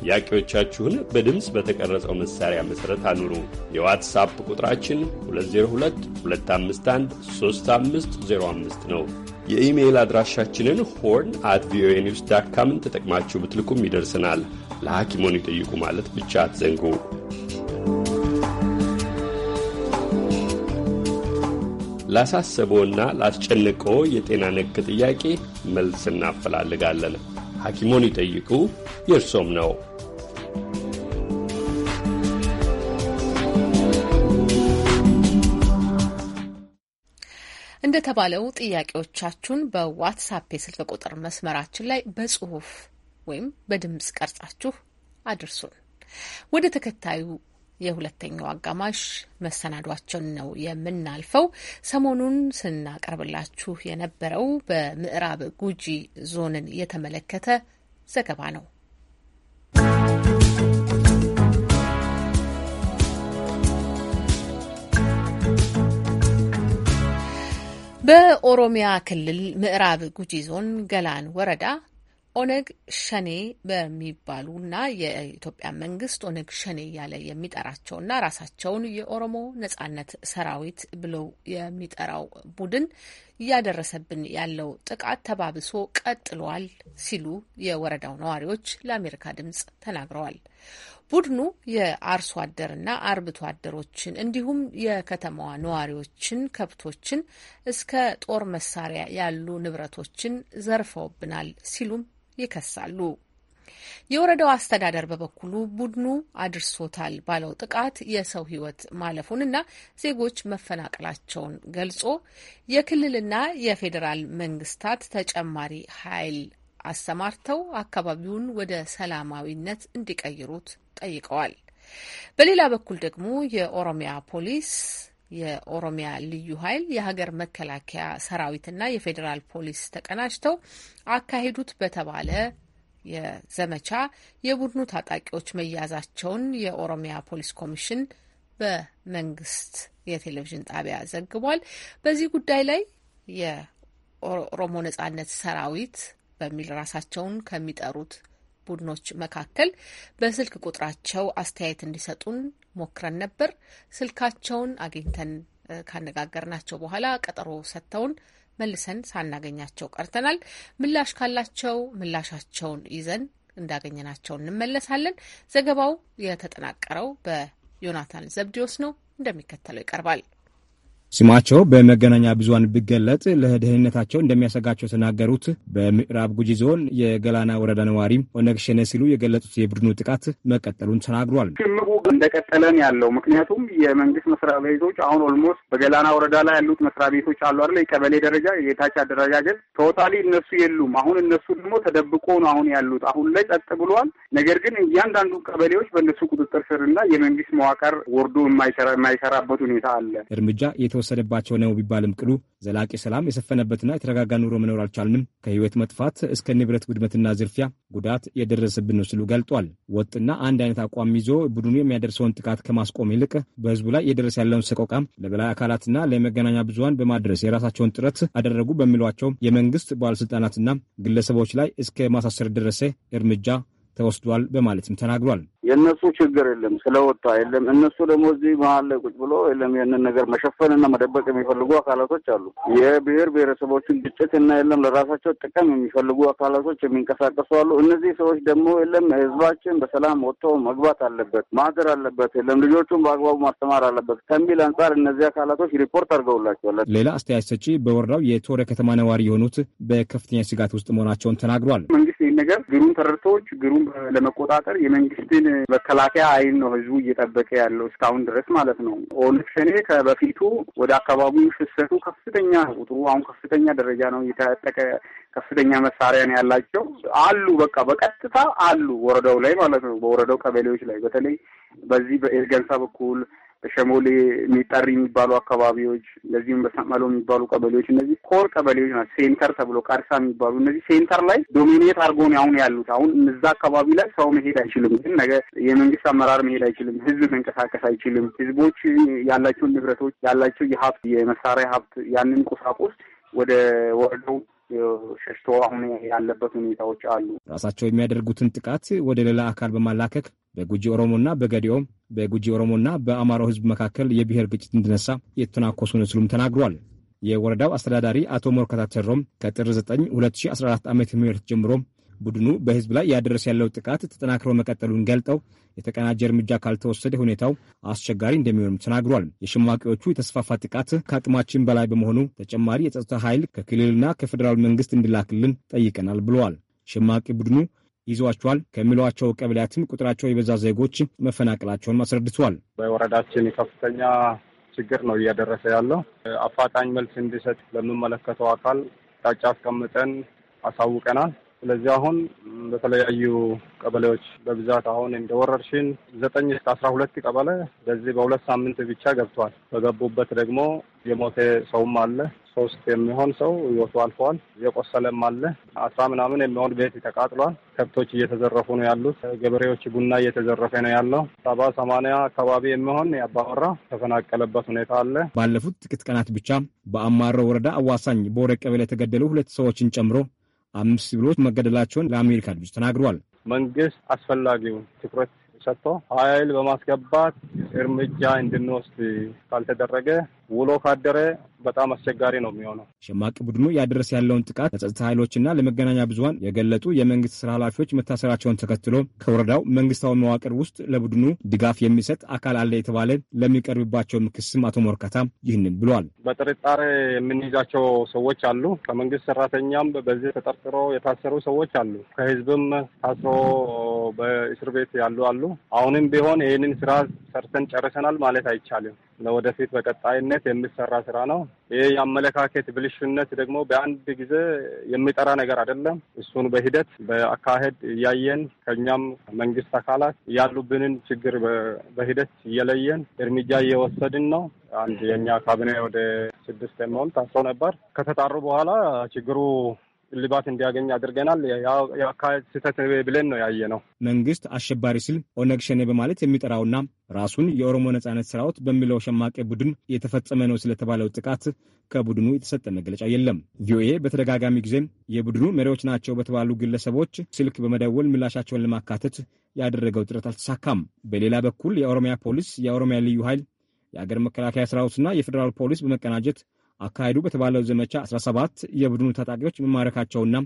ጥያቄዎቻችሁን በድምፅ በተቀረጸው መሳሪያ መሠረት አኑሩ። የዋትሳፕ ቁጥራችን 3505 ነው። የኢሜይል አድራሻችንን ሆርን አት ቪኦኤ ኒውስ ዳት ካምን ተጠቅማችሁ ብትልኩም ይደርስናል። ለሐኪሞን ይጠይቁ ማለት ብቻ አትዘንጉ። ላሳሰበውና ላስጨነቀው የጤና ነክ ጥያቄ መልስ እናፈላልጋለን። ሐኪሞን ይጠይቁ የእርሶም ነው። እንደተባለው ጥያቄዎቻችሁን በዋትሳፕ የስልክ ቁጥር መስመራችን ላይ በጽሁፍ ወይም በድምጽ ቀርጻችሁ አድርሱን። ወደ ተከታዩ የሁለተኛው አጋማሽ መሰናዷቸውን ነው የምናልፈው። ሰሞኑን ስናቀርብላችሁ የነበረው በምዕራብ ጉጂ ዞንን የተመለከተ ዘገባ ነው። በኦሮሚያ ክልል ምዕራብ ጉጂ ዞን ገላን ወረዳ ኦነግ ሸኔ በሚባሉና የኢትዮጵያ መንግስት ኦነግ ሸኔ እያለ የሚጠራቸውና ራሳቸውን የኦሮሞ ነጻነት ሰራዊት ብለው የሚጠራው ቡድን እያደረሰብን ያለው ጥቃት ተባብሶ ቀጥሏል ሲሉ የወረዳው ነዋሪዎች ለአሜሪካ ድምጽ ተናግረዋል። ቡድኑ የአርሶ አደርና አርብቶ አደሮችን እንዲሁም የከተማዋ ነዋሪዎችን ከብቶችን እስከ ጦር መሳሪያ ያሉ ንብረቶችን ዘርፈውብናል ሲሉም ይከሳሉ። የወረዳው አስተዳደር በበኩሉ ቡድኑ አድርሶታል ባለው ጥቃት የሰው ሕይወት ማለፉንና ዜጎች መፈናቀላቸውን ገልጾ የክልልና የፌዴራል መንግስታት ተጨማሪ ኃይል አሰማርተው አካባቢውን ወደ ሰላማዊነት እንዲቀይሩት ጠይቀዋል። በሌላ በኩል ደግሞ የኦሮሚያ ፖሊስ የኦሮሚያ ልዩ ኃይል የሀገር መከላከያ ሰራዊትና የፌዴራል ፖሊስ ተቀናጅተው አካሄዱት በተባለ የዘመቻ የቡድኑ ታጣቂዎች መያዛቸውን የኦሮሚያ ፖሊስ ኮሚሽን በመንግስት የቴሌቪዥን ጣቢያ ዘግቧል። በዚህ ጉዳይ ላይ የኦሮሞ ነጻነት ሰራዊት በሚል ራሳቸውን ከሚጠሩት ቡድኖች መካከል በስልክ ቁጥራቸው አስተያየት እንዲሰጡን ሞክረን ነበር። ስልካቸውን አግኝተን ካነጋገርናቸው በኋላ ቀጠሮ ሰጥተውን መልሰን ሳናገኛቸው ቀርተናል። ምላሽ ካላቸው ምላሻቸውን ይዘን እንዳገኘናቸው እንመለሳለን። ዘገባው የተጠናቀረው በዮናታን ዘብዲዮስ ነው፣ እንደሚከተለው ይቀርባል። ስማቸው በመገናኛ ብዙሃን ቢገለጥ ለደህንነታቸው እንደሚያሰጋቸው የተናገሩት በምዕራብ ጉጂ ዞን የገላና ወረዳ ነዋሪ ኦነግ ሸኔ ሲሉ የገለጹት የቡድኑ ጥቃት መቀጠሉን ተናግሯል። ሽምቁ እንደቀጠለን ያለው ምክንያቱም የመንግስት መስሪያ ቤቶች አሁን ኦልሞስት በገላና ወረዳ ላይ ያሉት መስሪያ ቤቶች አሉ አለ የቀበሌ ደረጃ የታች አደረጃጀት ቶታሊ እነሱ የሉም። አሁን እነሱ ደግሞ ተደብቆ ነው አሁን ያሉት። አሁን ላይ ጸጥ ብሏል። ነገር ግን እያንዳንዱ ቀበሌዎች በእነሱ ቁጥጥር ስር እና የመንግስት መዋቅር ወርዶ የማይሰራበት ሁኔታ አለ እርምጃ የተወሰደባቸው ነው ቢባልም ቅሉ ዘላቂ ሰላም የሰፈነበትና የተረጋጋ ኑሮ መኖር አልቻልንም፣ ከህይወት መጥፋት እስከ ንብረት ውድመትና ዝርፊያ ጉዳት የደረሰብን ነው ሲሉ ገልጧል። ወጥና አንድ አይነት አቋም ይዞ ቡድኑ የሚያደርሰውን ጥቃት ከማስቆም ይልቅ በህዝቡ ላይ የደረሰ ያለውን ሰቆቃ ለበላይ አካላትና ለመገናኛ ብዙሀን በማድረስ የራሳቸውን ጥረት አደረጉ በሚሏቸው የመንግስት ባለስልጣናትና ግለሰቦች ላይ እስከ ማሳሰር ደረሰ እርምጃ ተወስዷል በማለትም ተናግሯል። የእነሱ ችግር የለም ስለወጣ የለም። እነሱ ደግሞ እዚህ መሀል ላይ ቁጭ ብሎ የለም ያንን ነገር መሸፈንና መደበቅ የሚፈልጉ አካላቶች አሉ። የብሔር ብሔረሰቦችን ግጭት እና የለም ለራሳቸው ጥቅም የሚፈልጉ አካላቶች የሚንቀሳቀሱ አሉ። እነዚህ ሰዎች ደግሞ የለም ህዝባችን በሰላም ወጥቶ መግባት አለበት፣ ማደር አለበት፣ የለም ልጆቹን በአግባቡ ማስተማር አለበት ከሚል አንጻር እነዚህ አካላቶች ሪፖርት አድርገውላቸዋል። ሌላ አስተያየት ሰጪ በወረዳው የቶረ ከተማ ነዋሪ የሆኑት በከፍተኛ ስጋት ውስጥ መሆናቸውን ተናግሯል። ነገር ግሩም ተረድቶ ችግሩን ለመቆጣጠር የመንግስትን መከላከያ አይን ነው ህዝቡ እየጠበቀ ያለው እስካሁን ድረስ ማለት ነው። ኦነግ ሸኔ ከበፊቱ ወደ አካባቢው ፍሰቱ ከፍተኛ ቁጥሩ አሁን ከፍተኛ ደረጃ ነው እየታጠቀ ከፍተኛ መሳሪያ ነው ያላቸው አሉ። በቃ በቀጥታ አሉ ወረዳው ላይ ማለት ነው። በወረዳው ቀበሌዎች ላይ በተለይ በዚህ በኤርገንሳ በኩል በሸሞሌ የሚጠሪ የሚባሉ አካባቢዎች፣ እንደዚሁም በሳማሎ የሚባሉ ቀበሌዎች እነዚህ ኮር ቀበሌዎች ናቸው። ሴንተር ተብሎ ቃርሳ የሚባሉ እነዚህ ሴንተር ላይ ዶሚኔት አድርጎን አሁን ያሉት። አሁን እዛ አካባቢ ላይ ሰው መሄድ አይችልም፣ ግን ነገ የመንግስት አመራር መሄድ አይችልም፣ ህዝብ መንቀሳቀስ አይችልም። ህዝቦች ያላቸውን ንብረቶች ያላቸው የሀብት የመሳሪያ ሀብት ያንን ቁሳቁስ ወደ ወረዳው ሸሽቶ አሁን ያለበት ሁኔታዎች አሉ። ራሳቸው የሚያደርጉትን ጥቃት ወደ ሌላ አካል በማላከክ በጉጂ ኦሮሞና በገዲኦም በጉጂ ኦሮሞና በአማራው ሕዝብ መካከል የብሔር ግጭት እንዲነሳ የተናኮሱ ነው ሲሉም ተናግሯል። የወረዳው አስተዳዳሪ አቶ ሞርካታ ተሮም ከጥር 9 2014 ዓ ም ጀምሮ ቡድኑ በህዝብ ላይ ያደረሰ ያለው ጥቃት ተጠናክሮ መቀጠሉን ገልጠው የተቀናጀ እርምጃ ካልተወሰደ ሁኔታው አስቸጋሪ እንደሚሆንም ተናግሯል። የሸማቂዎቹ የተስፋፋ ጥቃት ከአቅማችን በላይ በመሆኑ ተጨማሪ የጸጥታ ኃይል ከክልልና ከፌዴራል መንግስት እንዲላክልን ጠይቀናል ብለዋል። ሸማቂ ቡድኑ ይዟቸዋል ከሚሏቸው ቀበሌያትም ቁጥራቸው የበዛ ዜጎች መፈናቀላቸውን አስረድተዋል። በወረዳችን ከፍተኛ ችግር ነው እያደረሰ ያለው። አፋጣኝ መልስ እንዲሰጥ ለሚመለከተው አካል አቅጣጫ አስቀምጠን አሳውቀናል። ስለዚህ አሁን በተለያዩ ቀበሌዎች በብዛት አሁን እንደ ወረርሽኝ ዘጠኝ እስከ አስራ ሁለት ቀበሌ በዚህ በሁለት ሳምንት ብቻ ገብቷል። በገቡበት ደግሞ የሞተ ሰውም አለ። ሶስት የሚሆን ሰው ህይወቱ አልፈዋል። የቆሰለም አለ። አስራ ምናምን የሚሆን ቤት ተቃጥሏል። ከብቶች እየተዘረፉ ነው ያሉት። ገበሬዎች ቡና እየተዘረፈ ነው ያለው። ሰባ ሰማንያ አካባቢ የሚሆን ያባወራ ተፈናቀለበት ሁኔታ አለ። ባለፉት ጥቂት ቀናት ብቻ በአማሮ ወረዳ አዋሳኝ በወረ ቀበሌ የተገደሉ ሁለት ሰዎችን ጨምሮ አምስት ሲቪሎች መገደላቸውን ለአሜሪካ ድምፅ ተናግሯል። መንግስት አስፈላጊውን ትኩረት ሰጥቶ ኃይል በማስገባት እርምጃ እንድንወስድ ካልተደረገ ውሎ ካደረ በጣም አስቸጋሪ ነው የሚሆነው። ሸማቂ ቡድኑ ያደረስ ያለውን ጥቃት ለጸጥታ ኃይሎችና ለመገናኛ ብዙሀን የገለጡ የመንግስት ስራ ኃላፊዎች መታሰራቸውን ተከትሎ ከወረዳው መንግስታዊ መዋቅር ውስጥ ለቡድኑ ድጋፍ የሚሰጥ አካል አለ የተባለ ለሚቀርብባቸው ክስም አቶ ሞርካታ ይህንን ብሏል። በጥርጣሬ የምንይዛቸው ሰዎች አሉ። ከመንግስት ሰራተኛም በዚህ ተጠርጥሮ የታሰሩ ሰዎች አሉ። ከህዝብም ታስሮ በእስር ቤት ያሉ አሉ። አሁንም ቢሆን ይህንን ስራ ሰርተን ጨርሰናል ማለት አይቻልም። ለወደፊት በቀጣይነት የሚሰራ ስራ ነው። ይህ የአመለካከት ብልሽነት ደግሞ በአንድ ጊዜ የሚጠራ ነገር አይደለም። እሱን በሂደት በአካሄድ እያየን ከኛም መንግስት አካላት ያሉብንን ችግር በሂደት እየለየን እርምጃ እየወሰድን ነው። አንድ የኛ ካቢኔ ወደ ስድስት የሚሆን ታስሮ ነበር። ከተጣሩ በኋላ ችግሩ እልባት እንዲያገኝ አድርገናል። የአካባቢ ስህተት ብለን ነው ያየ ነው። መንግስት አሸባሪ ሲል ኦነግ ሸኔ በማለት የሚጠራውና ራሱን የኦሮሞ ነጻነት ሰራዊት በሚለው ሸማቄ ቡድን የተፈጸመ ነው ስለተባለው ጥቃት ከቡድኑ የተሰጠ መግለጫ የለም። ቪኦኤ በተደጋጋሚ ጊዜ የቡድኑ መሪዎች ናቸው በተባሉ ግለሰቦች ስልክ በመደወል ምላሻቸውን ለማካተት ያደረገው ጥረት አልተሳካም። በሌላ በኩል የኦሮሚያ ፖሊስ፣ የኦሮሚያ ልዩ ኃይል፣ የአገር መከላከያ ሰራዊትና የፌዴራል ፖሊስ በመቀናጀት አካሄዱ በተባለው ዘመቻ 17 የቡድኑ ታጣቂዎች መማረካቸውና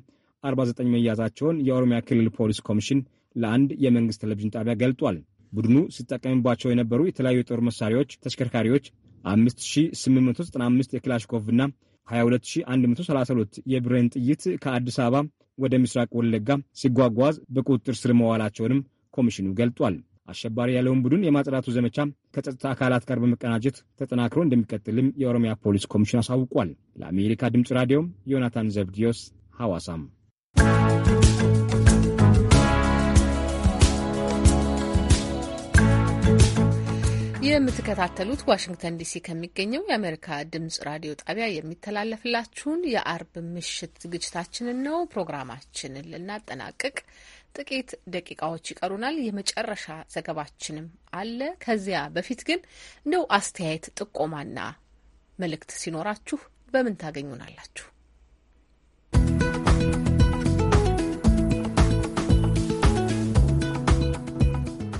49 መያዛቸውን የኦሮሚያ ክልል ፖሊስ ኮሚሽን ለአንድ የመንግሥት ቴሌቪዥን ጣቢያ ገልጧል። ቡድኑ ሲጠቀምባቸው የነበሩ የተለያዩ የጦር መሳሪያዎች፣ ተሽከርካሪዎች 5895 የክላሽኮቭ እና 22132 የብሬን ጥይት ከአዲስ አበባ ወደ ምስራቅ ወለጋ ሲጓጓዝ በቁጥጥር ስር መዋላቸውንም ኮሚሽኑ ገልጧል። አሸባሪ ያለውን ቡድን የማጽዳቱ ዘመቻ ከጸጥታ አካላት ጋር በመቀናጀት ተጠናክሮ እንደሚቀጥልም የኦሮሚያ ፖሊስ ኮሚሽን አሳውቋል። ለአሜሪካ ድምፅ ራዲዮ ዮናታን ዘብዲዮስ ሐዋሳም። የምትከታተሉት ዋሽንግተን ዲሲ ከሚገኘው የአሜሪካ ድምጽ ራዲዮ ጣቢያ የሚተላለፍላችሁን የአርብ ምሽት ዝግጅታችንን ነው። ፕሮግራማችንን ልናጠናቅቅ ጥቂት ደቂቃዎች ይቀሩናል። የመጨረሻ ዘገባችንም አለ። ከዚያ በፊት ግን እንደው አስተያየት ጥቆማና መልእክት ሲኖራችሁ በምን ታገኙናላችሁ?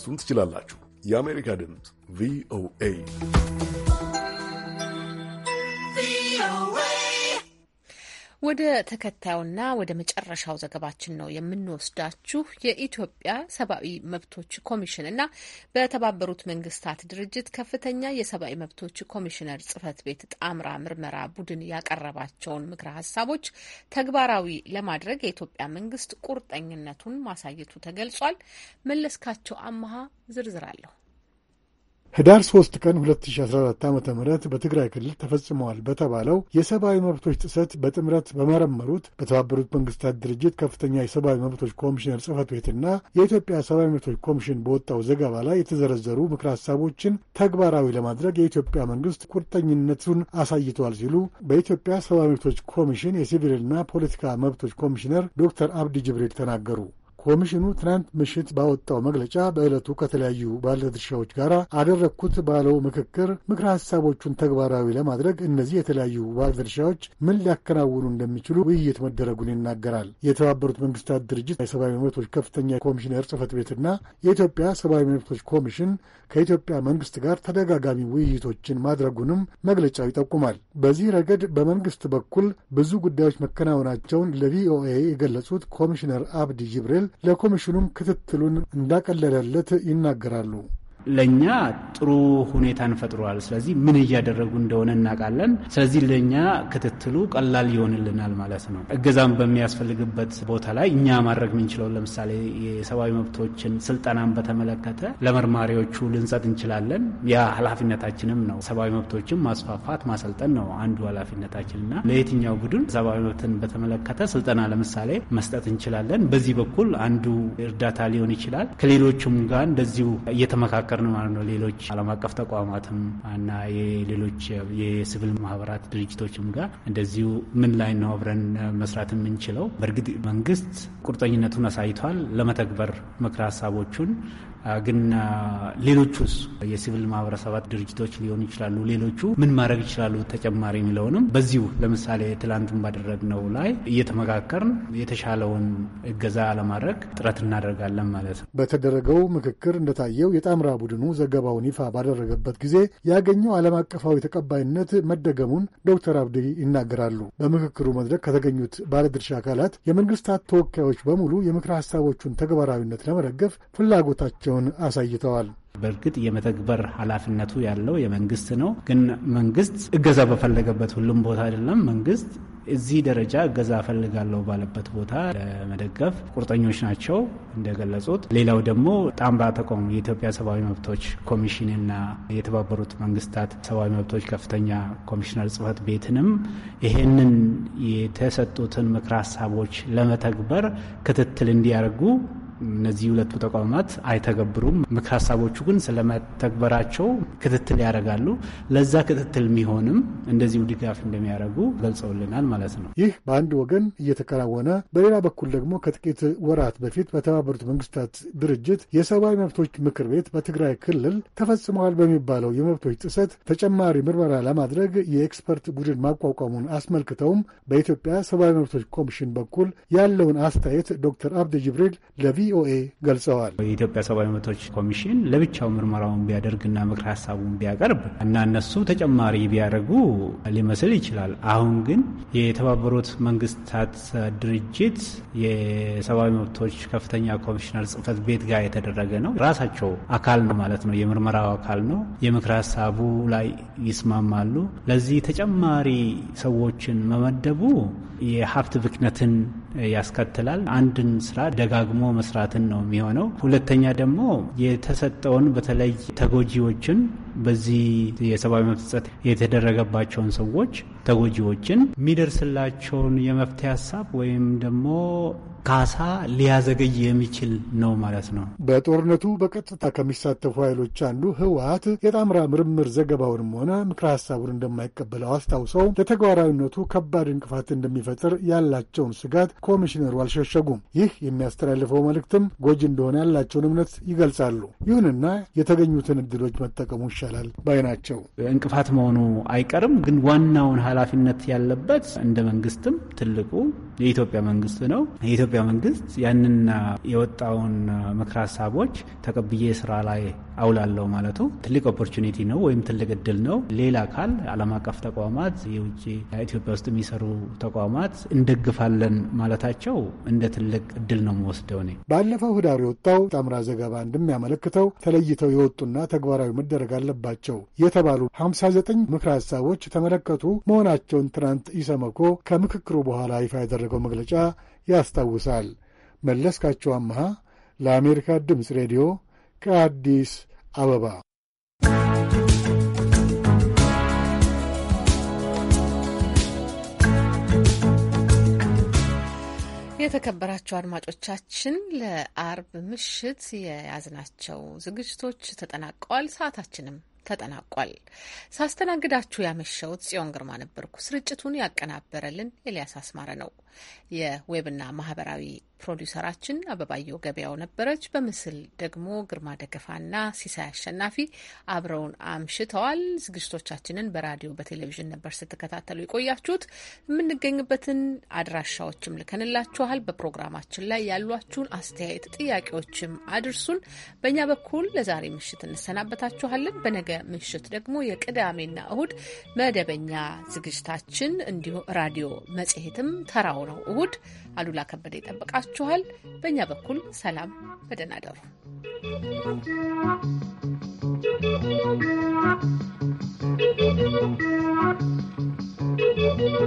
ልታደርሱን ትችላላችሁ። የአሜሪካ ድምፅ ቪኦኤ ወደ ተከታዩና ወደ መጨረሻው ዘገባችን ነው የምንወስዳችሁ። የኢትዮጵያ ሰብአዊ መብቶች ኮሚሽን እና በተባበሩት መንግስታት ድርጅት ከፍተኛ የሰብአዊ መብቶች ኮሚሽነር ጽህፈት ቤት ጣምራ ምርመራ ቡድን ያቀረባቸውን ምክረ ሀሳቦች ተግባራዊ ለማድረግ የኢትዮጵያ መንግስት ቁርጠኝነቱን ማሳየቱ ተገልጿል። መለስካቸው አመሃ ዝርዝር አለሁ። ህዳር 3 ቀን 2014 ዓ ም በትግራይ ክልል ተፈጽመዋል በተባለው የሰብአዊ መብቶች ጥሰት በጥምረት በመረመሩት በተባበሩት መንግስታት ድርጅት ከፍተኛ የሰብአዊ መብቶች ኮሚሽነር ጽህፈት ቤትና የኢትዮጵያ ሰብአዊ መብቶች ኮሚሽን በወጣው ዘገባ ላይ የተዘረዘሩ ምክር ሀሳቦችን ተግባራዊ ለማድረግ የኢትዮጵያ መንግስት ቁርጠኝነቱን አሳይተዋል ሲሉ በኢትዮጵያ ሰብአዊ መብቶች ኮሚሽን የሲቪልና ፖለቲካ መብቶች ኮሚሽነር ዶክተር አብዲ ጅብሪል ተናገሩ። ኮሚሽኑ ትናንት ምሽት ባወጣው መግለጫ በዕለቱ ከተለያዩ ባለድርሻዎች ጋር አደረግኩት ባለው ምክክር ምክረ ሐሳቦቹን ተግባራዊ ለማድረግ እነዚህ የተለያዩ ባለድርሻዎች ምን ሊያከናውኑ እንደሚችሉ ውይይት መደረጉን ይናገራል። የተባበሩት መንግስታት ድርጅት የሰብአዊ መብቶች ከፍተኛ ኮሚሽነር ጽህፈት ቤትና የኢትዮጵያ ሰብአዊ መብቶች ኮሚሽን ከኢትዮጵያ መንግስት ጋር ተደጋጋሚ ውይይቶችን ማድረጉንም መግለጫው ይጠቁማል። በዚህ ረገድ በመንግስት በኩል ብዙ ጉዳዮች መከናወናቸውን ለቪኦኤ የገለጹት ኮሚሽነር አብዲ ጅብሬል ለኮሚሽኑም ክትትሉን እንዳቀለለለት ይናገራሉ። ለእኛ ጥሩ ሁኔታን ፈጥሯል። ስለዚህ ምን እያደረጉ እንደሆነ እናውቃለን። ስለዚህ ለእኛ ክትትሉ ቀላል ይሆንልናል ማለት ነው። እገዛም በሚያስፈልግበት ቦታ ላይ እኛ ማድረግ የምንችለው ለምሳሌ የሰብአዊ መብቶችን ስልጠናን በተመለከተ ለመርማሪዎቹ ልንሰጥ እንችላለን። ያ ኃላፊነታችንም ነው። ሰብአዊ መብቶችን ማስፋፋት ማሰልጠን ነው አንዱ ኃላፊነታችንና ለየትኛው ቡድን ሰብአዊ መብትን በተመለከተ ስልጠና ለምሳሌ መስጠት እንችላለን። በዚህ በኩል አንዱ እርዳታ ሊሆን ይችላል። ከሌሎችም ጋር እንደዚሁ እየተመካከ እየተመካከርን ነው ማለት ነው። ሌሎች ዓለም አቀፍ ተቋማትም እና የሌሎች የሲቪል ማህበራት ድርጅቶችም ጋር እንደዚሁ ምን ላይ ነው አብረን መስራት የምንችለው። በእርግጥ መንግስት ቁርጠኝነቱን አሳይቷል ለመተግበር ምክረ ሀሳቦቹን ግን ሌሎቹስ የሲቪል ማህበረሰባት ድርጅቶች ሊሆኑ ይችላሉ። ሌሎቹ ምን ማድረግ ይችላሉ ተጨማሪ የሚለውንም በዚሁ ለምሳሌ ትላንቱን ባደረግነው ላይ እየተመካከርን የተሻለውን እገዛ ለማድረግ ጥረት እናደርጋለን ማለት ነው። በተደረገው ምክክር እንደታየው የጣምራ ቡድኑ ዘገባውን ይፋ ባደረገበት ጊዜ ያገኘው ዓለም አቀፋዊ ተቀባይነት መደገሙን ዶክተር አብዲ ይናገራሉ። በምክክሩ መድረክ ከተገኙት ባለድርሻ አካላት የመንግስታት ተወካዮች በሙሉ የምክር ሀሳቦቹን ተግባራዊነት ለመደገፍ ፍላጎታቸው መሆናቸውን አሳይተዋል። በእርግጥ የመተግበር ኃላፊነቱ ያለው የመንግስት ነው። ግን መንግስት እገዛ በፈለገበት ሁሉም ቦታ አይደለም። መንግስት እዚህ ደረጃ እገዛ ፈልጋለው ባለበት ቦታ ለመደገፍ ቁርጠኞች ናቸው እንደገለጹት። ሌላው ደግሞ ጣምራ ተቋሙ የኢትዮጵያ ሰብአዊ መብቶች ኮሚሽንና የተባበሩት መንግስታት ሰብአዊ መብቶች ከፍተኛ ኮሚሽነር ጽህፈት ቤትንም ይህንን የተሰጡትን ምክረ ሀሳቦች ለመተግበር ክትትል እንዲያደርጉ እነዚህ ሁለቱ ተቋማት አይተገብሩም። ምክር ሀሳቦቹ ግን ስለመተግበራቸው ክትትል ያደርጋሉ። ለዛ ክትትል የሚሆንም እንደዚሁ ድጋፍ እንደሚያደርጉ ገልጸውልናል ማለት ነው። ይህ በአንድ ወገን እየተከናወነ፣ በሌላ በኩል ደግሞ ከጥቂት ወራት በፊት በተባበሩት መንግስታት ድርጅት የሰብአዊ መብቶች ምክር ቤት በትግራይ ክልል ተፈጽመዋል በሚባለው የመብቶች ጥሰት ተጨማሪ ምርመራ ለማድረግ የኤክስፐርት ቡድን ማቋቋሙን አስመልክተውም በኢትዮጵያ ሰብአዊ መብቶች ኮሚሽን በኩል ያለውን አስተያየት ዶክተር አብደ ጅብሪል ለቪ ለቪኦኤ ገልጸዋል። የኢትዮጵያ ሰብአዊ መብቶች ኮሚሽን ለብቻው ምርመራውን ቢያደርግና ምክር ሀሳቡን ቢያቀርብ እና እነሱ ተጨማሪ ቢያደርጉ ሊመስል ይችላል። አሁን ግን የተባበሩት መንግስታት ድርጅት የሰብአዊ መብቶች ከፍተኛ ኮሚሽነር ጽህፈት ቤት ጋር የተደረገ ነው። ራሳቸው አካል ነው ማለት ነው። የምርመራው አካል ነው። የምክር ሀሳቡ ላይ ይስማማሉ። ለዚህ ተጨማሪ ሰዎችን መመደቡ የሀብት ብክነትን ያስከትላል። አንድን ስራ ደጋግሞ መስራት መጥፋትን ነው የሚሆነው። ሁለተኛ ደግሞ የተሰጠውን በተለይ ተጎጂዎችን በዚህ የሰብአዊ መብት ጥሰት የተደረገባቸውን ሰዎች ተጎጂዎችን የሚደርስላቸውን የመፍትሄ ሀሳብ ወይም ደግሞ ካሳ ሊያዘገይ የሚችል ነው ማለት ነው። በጦርነቱ በቀጥታ ከሚሳተፉ ኃይሎች አንዱ ህወሀት የጣምራ ምርምር ዘገባውንም ሆነ ምክረ ሀሳቡን እንደማይቀበለው አስታውሰው ለተግባራዊነቱ ከባድ እንቅፋት እንደሚፈጥር ያላቸውን ስጋት ኮሚሽነሩ አልሸሸጉም። ይህ የሚያስተላልፈው መልእክትም ጎጂ እንደሆነ ያላቸውን እምነት ይገልጻሉ። ይሁንና የተገኙትን እድሎች መጠቀሙ ይሻል ይቻላል ባይ ናቸው። እንቅፋት መሆኑ አይቀርም፣ ግን ዋናውን ኃላፊነት ያለበት እንደ መንግስትም ትልቁ የኢትዮጵያ መንግስት ነው። የኢትዮጵያ መንግስት ያንና የወጣውን ምክረ ሀሳቦች ተቀብዬ ስራ ላይ አውላለሁ ማለቱ ትልቅ ኦፖርቹኒቲ ነው ወይም ትልቅ እድል ነው። ሌላ አካል ዓለም አቀፍ ተቋማት፣ የውጭ ኢትዮጵያ ውስጥ የሚሰሩ ተቋማት እንደግፋለን ማለታቸው እንደ ትልቅ እድል ነው መወስደው ኔ ባለፈው ህዳር የወጣው ጣምራ ዘገባ እንደሚያመለክተው ተለይተው የወጡና ተግባራዊ መደረግ አለ አለባቸው የተባሉ 59 ምክረ ሀሳቦች የተመለከቱ መሆናቸውን ትናንት ኢሰመኮ ከምክክሩ በኋላ ይፋ ያደረገው መግለጫ ያስታውሳል። መለስካቸው አምሃ ለአሜሪካ ድምፅ ሬዲዮ ከአዲስ አበባ የተከበራቸው አድማጮቻችን ለአርብ ምሽት የያዝናቸው ዝግጅቶች ተጠናቀዋል። ሰዓታችንም ተጠናቋል። ሳስተናግዳችሁ ያመሸውት ጽዮን ግርማ ነበርኩ። ስርጭቱን ያቀናበረልን ኤልያስ አስማረ ነው። የዌብና ማህበራዊ ፕሮዲውሰራችን አበባየው ገበያው ነበረች። በምስል ደግሞ ግርማ ደገፋና ሲሳይ አሸናፊ አብረውን አምሽተዋል። ዝግጅቶቻችንን በራዲዮ በቴሌቪዥን ነበር ስትከታተሉ የቆያችሁት። የምንገኝበትን አድራሻዎችም ልከንላችኋል። በፕሮግራማችን ላይ ያሏችሁን አስተያየት፣ ጥያቄዎችም አድርሱን። በእኛ በኩል ለዛሬ ምሽት እንሰናበታችኋለን። በነገ ምሽት ደግሞ የቅዳሜና እሁድ መደበኛ ዝግጅታችን እንዲሁ ራዲዮ መጽሔትም ተራው ነው እሁድ አሉላ ከበደ ይጠብቃችኋል። በእኛ በኩል ሰላም፣ በደህና እደሩ።